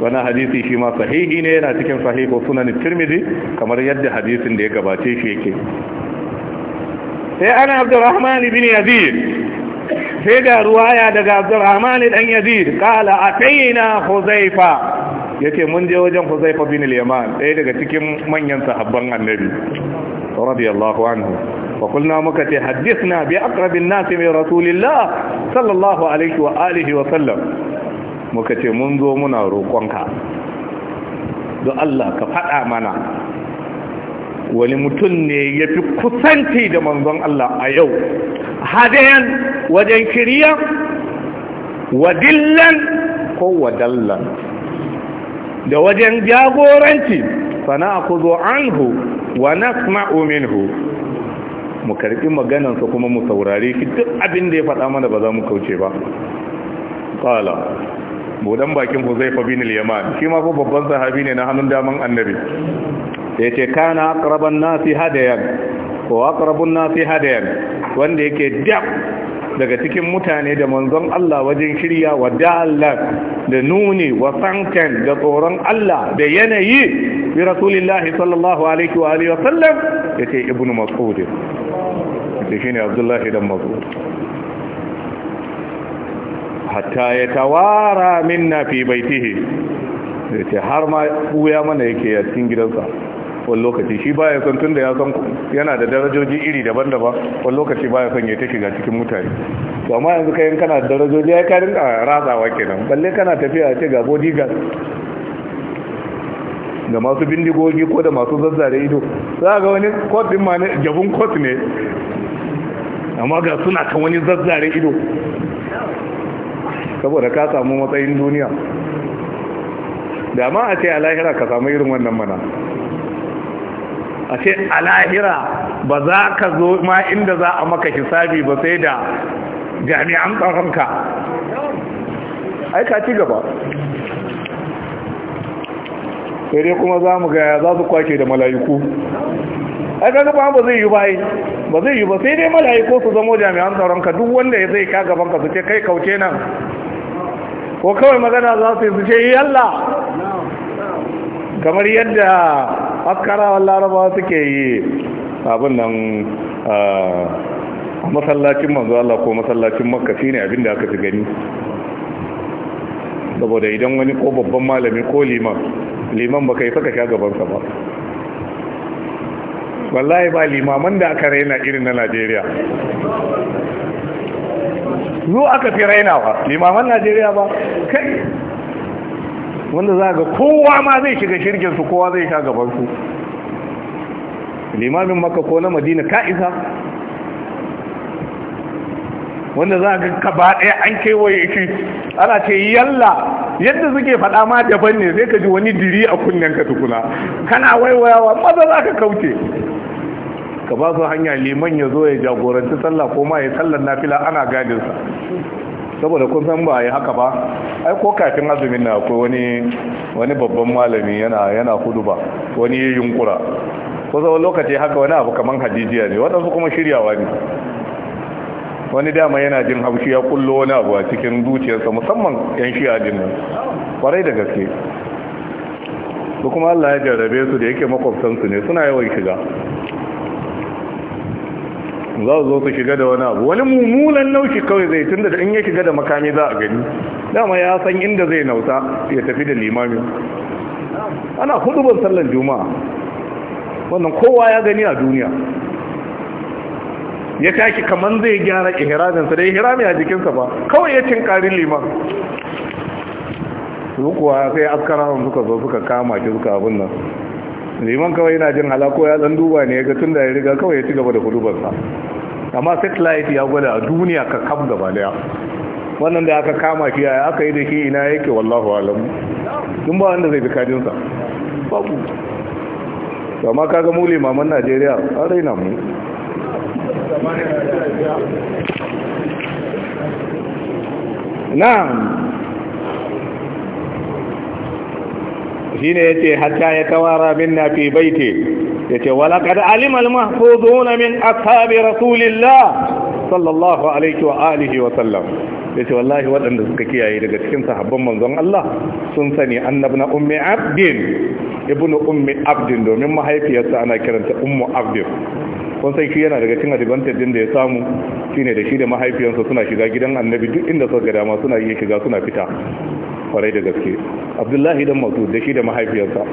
wannan hadisi shi ma sahihi ne yana cikin ko sunan tirmidhi kamar yadda hadisin da ya gabace shi yake sai ana abdurrahman ibn yazid sai ga ruwaya daga abdurrahman dan yazid qala ataina huzaifa yake mun je wajen huzaifa bin al-yaman ɗaya daga cikin manyan sahabban annabi radiyallahu anhu wa kulna muka ce hadithna bi aqrabin nasi rasulillah sallallahu alaihi wa wa sallam muka ce mun zo muna roƙonka don Allah ka faɗa mana wani mutum ne ya fi kusanci da manzon Allah a yau hadayan wajen kiriya wadillan ko wadallan da wajen jagoranci Anhu wa ونسمع minhu mu karbi maganarsa kuma mu saurare shi duk abin da ya faɗa mana ba za mu kauce ba qala budan bakin Huzaifa bin al-Yaman shi ma babban sahabi ne na hannun daman annabi yace kana aqraban nasi hadayan ko aqrabun nasi hadayan wanda yake dab daga cikin mutane da manzon Allah wajen shirya wa Allah da nuni wa sankan da tsoron Allah da yanayi bi rasulillahi sallallahu alaihi wa alihi wa sallam yace ibnu mas'ud yace shine abdullahi ibn mas'ud hatta ya tawara minna fi baitihi yace har ma buya mana yake a cikin gidansa wani lokaci shi baya son tunda ya san yana da darajoji iri daban-daban wani lokaci baya son ya ta shiga cikin mutane to amma yanzu kai kana da darajoji ya karin a ratsawa kenan balle kana tafiya ce ga bodyguard da masu bindigogi ko da masu zazzare ido za ga wani kot din ma ne jabun kot ne amma ga suna kan wani zazzare ido saboda ka samu matsayin duniya da ma a ce a lahira ka samu irin wannan mana a ce a lahira ba za ka zo ma inda za a maka hisabi ba sai da jami'an tsaronka ai ci gaba sai kuma za mu gaya za su kwake da mala'iku a ga gaba ba zai yi ba ba zai yi ba sai dai mala'iku su zamo jami'an tsaron ka duk wanda ya zai ka gaban ka su ce kai kauce nan ko kawai magana za su yi su ce yalla kamar yadda askarawan laraba suke yi abin nan a masallacin manzo Allah ko masallacin makka ne abin da aka fi gani saboda idan wani ko babban malami ko liman liman baka yi saka sha gabansa ba wallahi ba limaman da aka raina irin na najeriya zo aka fi rainawa limaman najeriya ba kai wanda za ga kowa ma zai shiga shirginsu kowa zai sha gabansu limamin maka ko na madina ka isa wanda za ga gaba ɗaya an kewaye shi ana ce yalla yadda suke faɗa ma daban ne Zai ka ji wani diri a kunnen ka tukuna kana waiwayawa maza za ka kauce ka ba su hanya liman ya zo ya jagoranci sallah ko ma ya sallar nafila ana gadinsa saboda kun san ba yi haka ba ai ko kafin azumin na akwai wani wani babban malami yana yana hudu ba wani yunkura ko sabon lokaci haka wani abu kaman hadijiya ne waɗansu kuma shiryawa ne wani dama yana jin haushi ya kullo wani abu a cikin zuciyarsa musamman yan shi a nan kwarai da gaske su kuma Allah ya jarrabe su da yake makwabtansu ne suna yawan shiga za su zo su shiga da wani abu wani mummunan naushi kawai zai tun da in ya shiga da makami za a gani dama ya san inda zai nauta ya tafi da limamin ana hudubar sallan juma'a wannan kowa ya gani a duniya ya tashi kaman zai gyara ihraminsa da ihrami a jikinsa ba kawai ya tinkarin liman su kuwa sai askarawan suka zo suka kama shi suka abin nan liman kawai yana jin halako ya zan duba ne ya ga tun da ya riga kawai ya ci gaba da kudubarsa amma satellite ya gwada a duniya ka kam gaba daya wannan da aka kama fiya ya aka yi da shi ina yake wallahu Alamu? tun ba wanda zai fi kajinsa babu amma kaga mu mama'n najeriya a raina mu na'am shi ne hatta ya tawara min na fi baiti ya ce walakar alimal mahfuzuna min ashabi rasulillah sallallahu alaihi wa alihi wa sallam ya ce wallahi waɗanda suka kiyaye daga cikin sahabban manzon Allah sun sani annabna ummi abdin ibnu ummi abdin domin mahaifiyarsa ana kiranta ummu abdin kun sai shi yana daga cin advantage din da ya samu shine da shi da mahaifiyarsa suna shiga gidan annabi duk inda suka dama suna iya shiga suna fita kwarai da gaske abdullahi dan masud da shi da mahaifiyarsa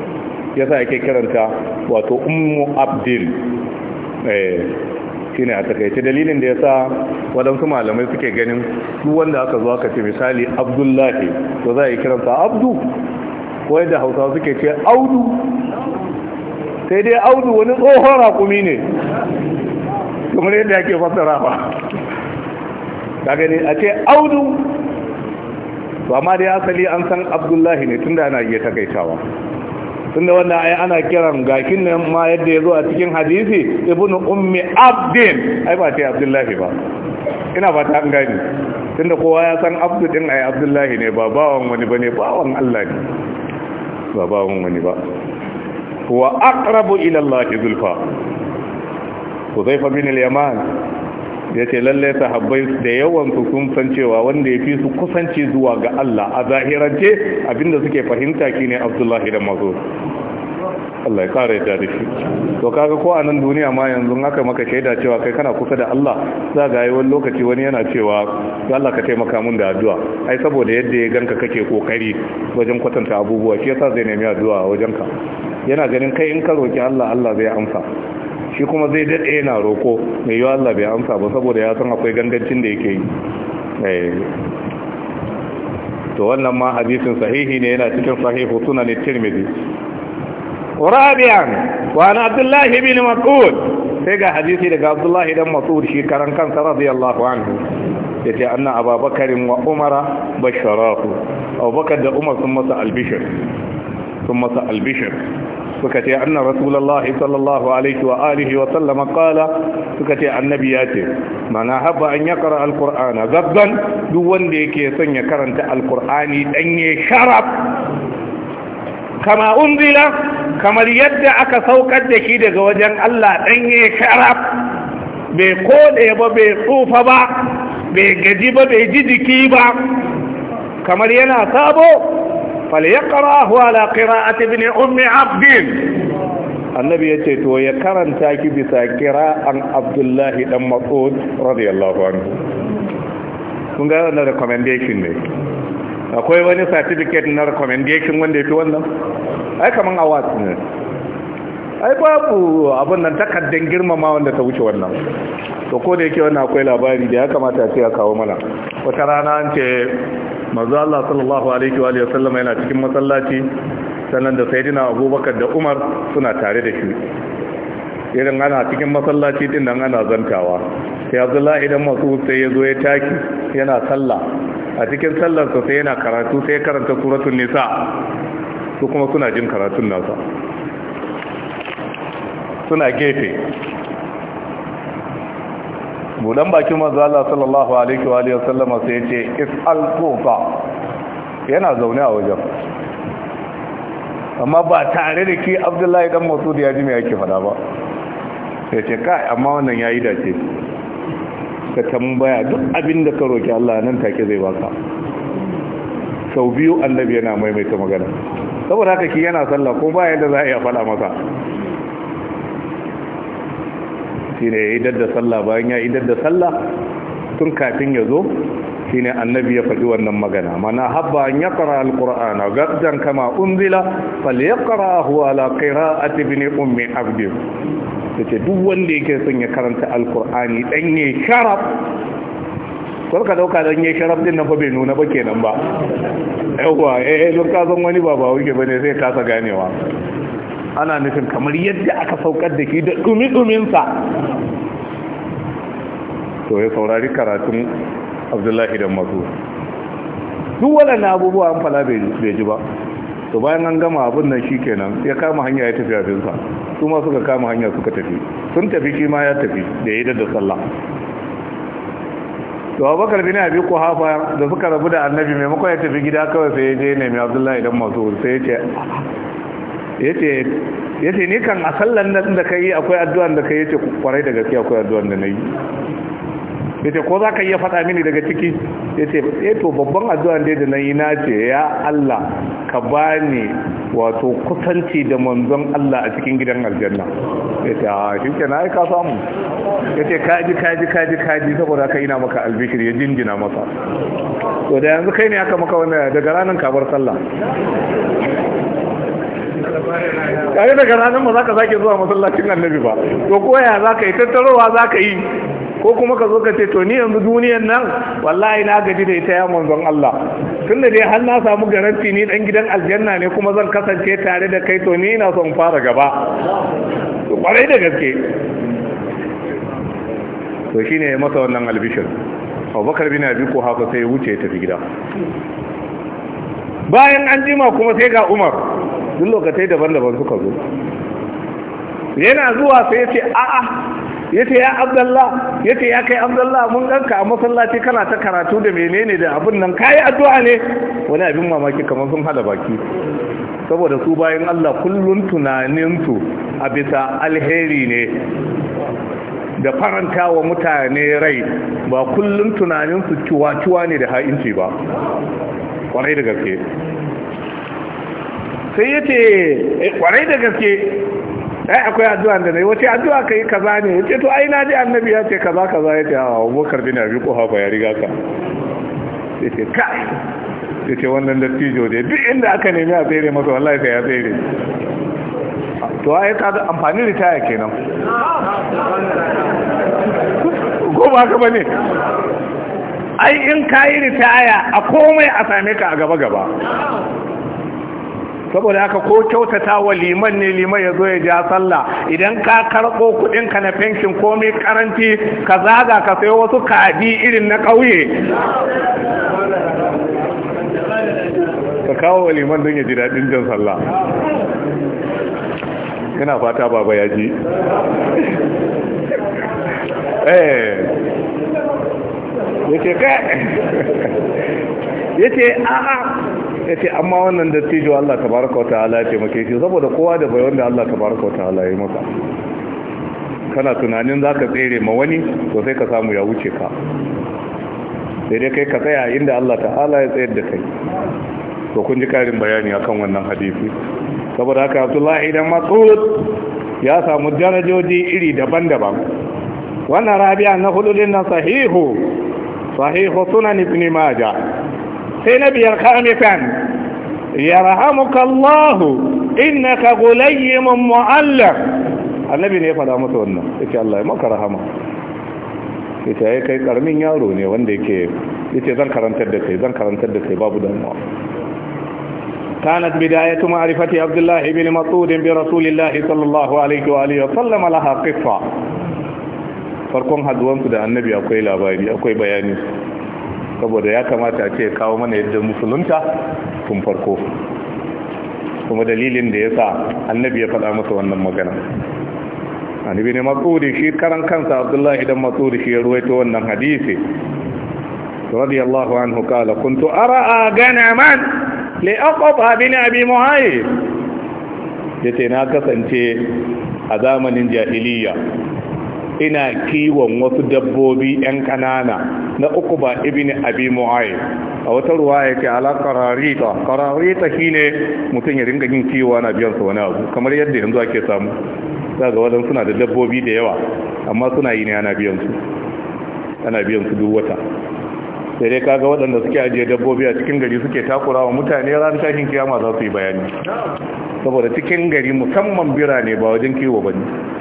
sa yake kiranta wato ummu abdil eh shine a takaice dalilin da ya sa waɗansu malamai suke ganin duk wanda aka zo aka ce misali abdullahi to za a yi kiransa abdu ko yadda hausawa suke ce audu sai dai audu wani tsohon raƙumi ne kamar yadda yake fassara ba ta gani a ce audu ba ma ya asali an san abdullahi ne tunda ana iya takaitawa tunda wanda ai ana kiran gakin nan ma yadda ya zo a cikin hadisi ibnu ummi abdin ai ba ta abdullahi ba ina ba ta an gani tunda kowa ya san abdu din ai abdullahi ne ba bawan wani bane bawan Allah ne ba bawan wani ba wa aqrabu ila Allah zulfa Huzaifa bin al-Yaman ce lalle sahabbai da yawan su sun san cewa wanda ya fi su kusanci zuwa ga Allah a zahirance abinda suke fahimta kine Abdullahi da Mas'ud Allah ya kare da shi to kaga ko a nan duniya ma yanzu haka maka shaida cewa kai kana kusa da Allah za ga yawan lokaci wani yana cewa ya Allah ka taimaka mun da addu'a ai saboda yadda ya ganka kake kokari wajen kwatanta abubuwa shi yasa zai nemi addu'a wajen ka yana ganin kai in ka roki Allah Allah zai amsa shi kuma zai daɗe yana roko mai yi Allah bai amsa ba saboda ya san akwai gangancin da yake yi eh. to wannan ma hadisin sahihi ne yana cikin sahihu ne tirmidhi rabi'an wa ana abdullah ibn mas'ud sai ga hadisi daga abdullah ibn mas'ud shi karan kansa radiyallahu anhu yace anna abubakar wa umara basharahu abubakar da umar sun masa albishir sun masa albishir suka ce anna rasulullahi sallallahu alaihi wa alihi wa sallam qala suka ce annabi ya ce mana habba an yaqra alqur'ana gabban duk wanda yake son ya karanta alqur'ani danye sharaf kama unzila kamar yadda aka saukar da shi daga wajen Allah danye sharaf bai kode ba bai tsufa ba bai gaji ba bai ji jiki ba kamar yana sabo فليقراه على qira'ati ابن ummi عبد annabi yace to ya karanta ki bisa الله abdullahi dan رضي radiyallahu عنه kun ga wannan recommendation ne akwai wani certificate na recommendation wanda yafi wannan ai kaman awards ne ai babu abin nan takardar girmama wanda ta wuce wannan to ko da yake wannan akwai labari da ya kamata ce ya kawo mana wata rana an ce manzo Allah sallallahu alaihi wa alihi Sallama yana cikin masallaci sannan da sayyidina Abubakar da Umar suna tare da shi irin ana cikin masallaci din nan ana zantawa sai Abdullah idan masu sai ya zo ya taki yana sallah a cikin sallarsa sai yana karatu sai ya karanta suratul nisa su kuma suna jin karatun nasa suna gefe budan bakin mazala sallallahu alaihi wa alihi wasallama sai yace is'al tufa yana zaune a wajen amma ba tare da ki abdullahi dan masud ya ji me yake fada ba sai ce kai amma wannan yayi dace ka tambaya duk abin da ka roki Allah nan take zai baka sau biyu annabi yana maimaita magana saboda haka ki yana sallah ko ba yadda za a iya fada masa shi ne idar da sallah bayan ya idar da sallah tun kafin ya zo shine annabi ya faɗi wannan magana mana habba an yaqra alqur'ana gaddan kama unzila falyaqrahu ala qira'ati ne ummi da ke duk wanda yake son ya karanta alqur'ani ɗan ya sharaf ka ɗauka ɗan ya sharaf ɗin nan fa bai nuna ba kenan ba yawa eh, eh don ka san wani ba wuke ne sai kasa ganewa ana nufin kamar yadda aka saukar da ke da dumi-duminsa to ya saurari karatun abdullahi da masu duk waɗanda abubuwa an fala bai ji ba to bayan an gama abin nan shi kenan ya kama hanya ya tafi abinsa su ma suka kama hanya suka tafi sun tafi shi ma ya tafi da ya yi da sallah to abubakar bin abi hafa da suka rabu da annabi maimakon ya tafi gida kawai sai ya je nemi abdullahi don masu sai ya ce ya ce ni kan a sallan nan da ka yi akwai addu'an da ka yi ce kwarai da gaske akwai addu'an da na yi ya ce ko za ka iya faɗa mini daga ciki ya ce eto eh babban addu'an da na yi na ce ya Allah ka ba ni wato kusanci da manzon Allah a cikin gidan aljanna ya ce a ah, shi ke na aika samu ya ce kaji kaji kaji kaji saboda ka ina maka albishir ya jinjina masa to da yanzu kai ne aka maka wannan daga ranar kabar sallah kare daga ranar ba za ka sake zuwa masallacin annabi ba to koya za ka yi tattarowa za ka yi ko kuma ka zo ka ce to ni yanzu duniyan nan wallahi na gaji da ita ya manzon Allah tunda dai har na samu garanti ni dan gidan aljanna ne kuma zan kasance tare da kai to ni ina son fara gaba to kwarai da gaske to shine ya masa wannan albishir Abubakar bin Abi haka sai ya wuce ya tafi gida bayan an jima kuma sai ga Umar duk lokacin daban-daban suka zo yana zuwa sai ya ce a'a ya ya abdallah ya ya kai abdallah mun ganka a masallaci kana ta karatu da menene da abin nan kayi addu'a ne wani abin mamaki kamar sun hada baki saboda su bayan Allah kullun tunaninsu a bisa alheri ne da faranta wa mutane rai ba kullun tunaninsu cuwa cuwa ne da ha'inci ba kwarai da gaske sai ya ce eh, kwarai da gaske ai akwai addu'a da nai wace addu'a ka yi kaza ne Ya ce to ai ji annabi ya ce kaza kaza ya ce a na biyu kowa ba ya riga ka Ya ce ka ce wannan dattijo dai duk inda aka nemi a tsere masa wallahi ta ya tsere to ai ka amfani ritaya kenan ko ba ka bane ai in ka yi ritaya a komai a same ka a gaba gaba saboda haka ko kyautata wa liman ne liman ya zo ya ja sallah idan ka karɓo kuɗin ka na ko komai karanti ka zaga ka sayo wasu kaji irin na ƙauye ka kawo wa liman don ya ji daɗin jan sallah yana fata baba ya ji eh. Ya ce ka [LAUGHS] Ya ce a'a ya ce amma wannan dattijo Allah tabaraka wa ta'ala ya maka shi saboda kowa da bai wanda Allah tabaraka wa ta'ala ya maka kana tunanin za ka tsere ma wani to sai ka samu ya wuce ka sai dai kai ka tsaya inda Allah ta'ala ya tsayar da kai to kun ji karin bayani akan wannan hadisi saboda haka Abdullahi idan Mas'ud ya samu darajoji iri daban-daban wannan rabi'a na hudu din nan sahihu sahihu sunan ibn majah sai na biyar khamisan yarhamuka Allah innaka gulaymun mu'allaq annabi ne ya fada masa wannan yace Allah ya maka rahama yace ai kai karmin yaro ne wanda yake yace zan karantar da kai zan karantar da kai babu damuwa كانت بداية معرفة عبد الله بن مسعود برسول الله صلى الله عليه وآله وسلم لها قصة farkon haduwansu da annabi akwai labari akwai bayani saboda ya kamata ce kawo mana yadda musulunta tun farko kuma dalilin da ya sa annabi ya faɗa masa wannan magana annabi ne matsuri shi karan kansa abdullahi idan matsuri shi ya ruwaito wannan hadisi radiyallahu anhu kala kuntu ara a gana man. aqaba bin abi muhayyib yace na kasance a zamanin jahiliya ina kiwon wasu dabbobi yan kanana na uku ba ibn abi mu'ayyid a wata ruwa yake ala qararita qararita shine mutum ya ringa yin kiwo na biyan su wani abu kamar yadda yanzu ake samu daga wadan suna da dabbobi da yawa amma suna yi ne ana biyan su ana biyan su duk wata sai dai kaga waɗanda suke ajiye dabbobi a cikin gari suke takura wa mutane ran tashin kiyama za su yi bayani saboda cikin gari musamman birane ba wajen kiwo ba ne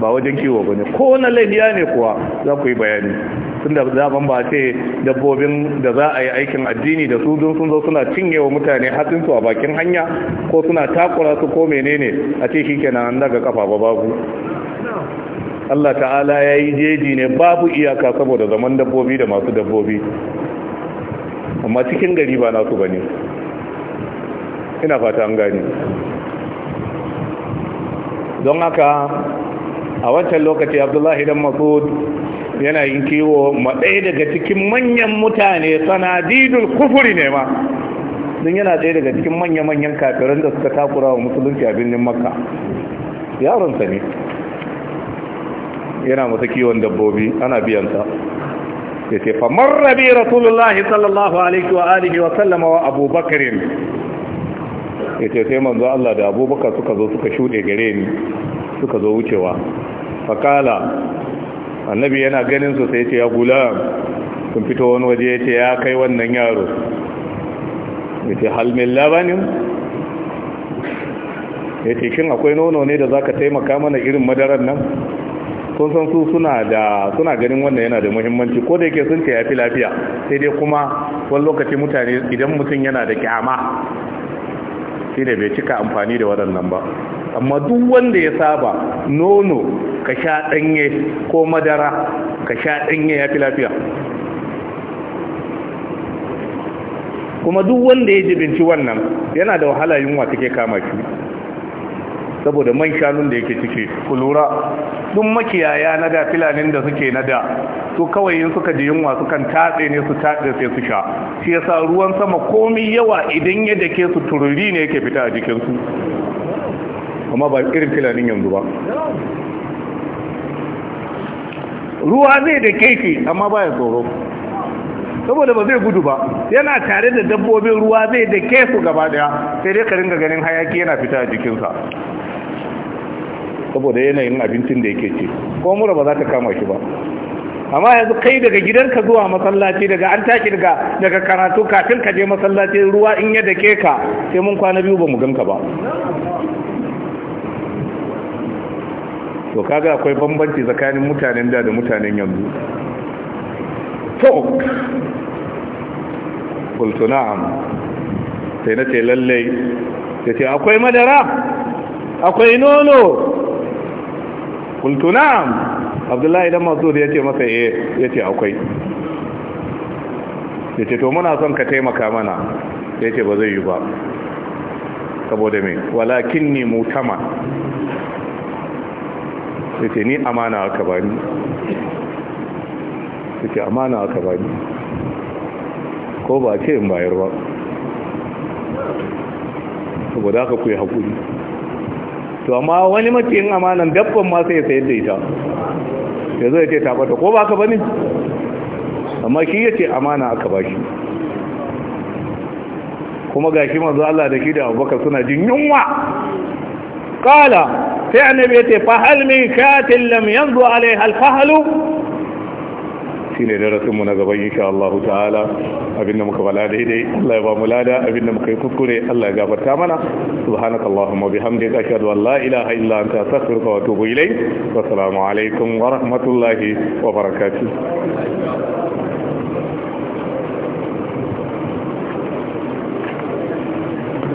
ba wajen kiwo bane ko na laifiya ne kuwa za ku yi bayani Tunda da zaben ba ce dabbobin da za a yi aikin addini da su don sun zo suna cinye wa mutane hatsinsu a bakin hanya ko suna takura su ko menene a ce shi ke nan daga kafa ba babu Allah ta'ala ya yi jeji ne babu iyaka saboda zaman dabbobi da masu dabbobi amma cikin gari ba nasu ba ne ina fata an gani don haka a wancan lokaci abdullahi dan masud yana yin kiwo ma ɗaya daga cikin manyan mutane sanadidul kufuri ne ma don yana ɗaya daga cikin manya-manyan kafirin da suka takura wa musulunci a birnin makka yaronsa ne yana masa kiwon dabbobi ana biyanta ya ce famar rabi rasulullahi sallallahu alaihi wa alihi wa sallama wa abubakarin ya ce sai manzo Allah da abubakar suka zo suka shuɗe gare ni suka zo wucewa fakala annabi yana ganin su sai ce ya gula sun fito wani waje ya ce ya kai wannan yaro ya ce halmin labanin ya ce shin akwai nono ne da za ka taimaka mana irin madarar nan Sun san su suna ganin wannan yana da muhimmanci ko da yake sun ce ya fi lafiya sai dai kuma wani lokaci mutane idan mutum yana da kyama shi ne bai cika amfani da waɗannan ba amma duk wanda ya saba nono ka sha danye ko madara ka sha danye ya fi lafiya kuma duk wanda ya jibinci wannan yana da wahala yunwa take kama shi saboda man shanun da yake cike ku duk makiyaya na da filanin da suke na da to kawai yin suka ji yunwa sukan tatse ne su tatse sai su sha shi yasa ruwan sama komai yawa idan ya dake su tururi ne yake fita a jikinsu amma ba irin filanin yanzu ba ruwa zai da keke amma ba ya tsoro saboda ba zai gudu ba yana tare da dabbobin ruwa zai da keku gaba daya sai dai ka ringa ganin hayaki yana fita a jikinsa saboda yanayin abincin da yake ce ko mura ba za ta kama shi ba amma yanzu kai daga gidanka zuwa masallaci daga an taƙi daga karatu kafin ka je masallaci ruwa in ya dake ka sai mun kwana biyu ba mu ganka ba to kaga akwai bambanci tsakanin mutanen da da mutanen yanzu to qultu na'am sai na ce lalle sai ce akwai madara akwai nono qultu na'am abdullahi dan masud ya ce masa eh ce akwai ce to muna son ka taimaka mana Ya ce ba zai yi ba saboda me walakinni mutama suke ni amana aka bani suke amana aka bani ko ba ce in bayar ba saboda aka kuwa haƙuri to amma wani yin amanan dabban ma sai ya sayar da ita ya zai ce tabata ko ba ka ba amma shi ya ce amana aka ba shi kuma ga shi mazu Allah da shi da abubakar suna jin yunwa kala sai annabi ya ce fahal min katin lam yanzu alaiha alfahalu shi ne darasinmu na gaban insha Allah ta'ala abinda muka bala daidai Allah ya ba mu lada abinda muka yi kuskure Allah ya gafarta mana subhanaka allahumma bihamdika ashhadu an la ilaha illa anta astaghfiruka wa atubu ilayk wa assalamu alaikum wa rahmatullahi wa barakatuh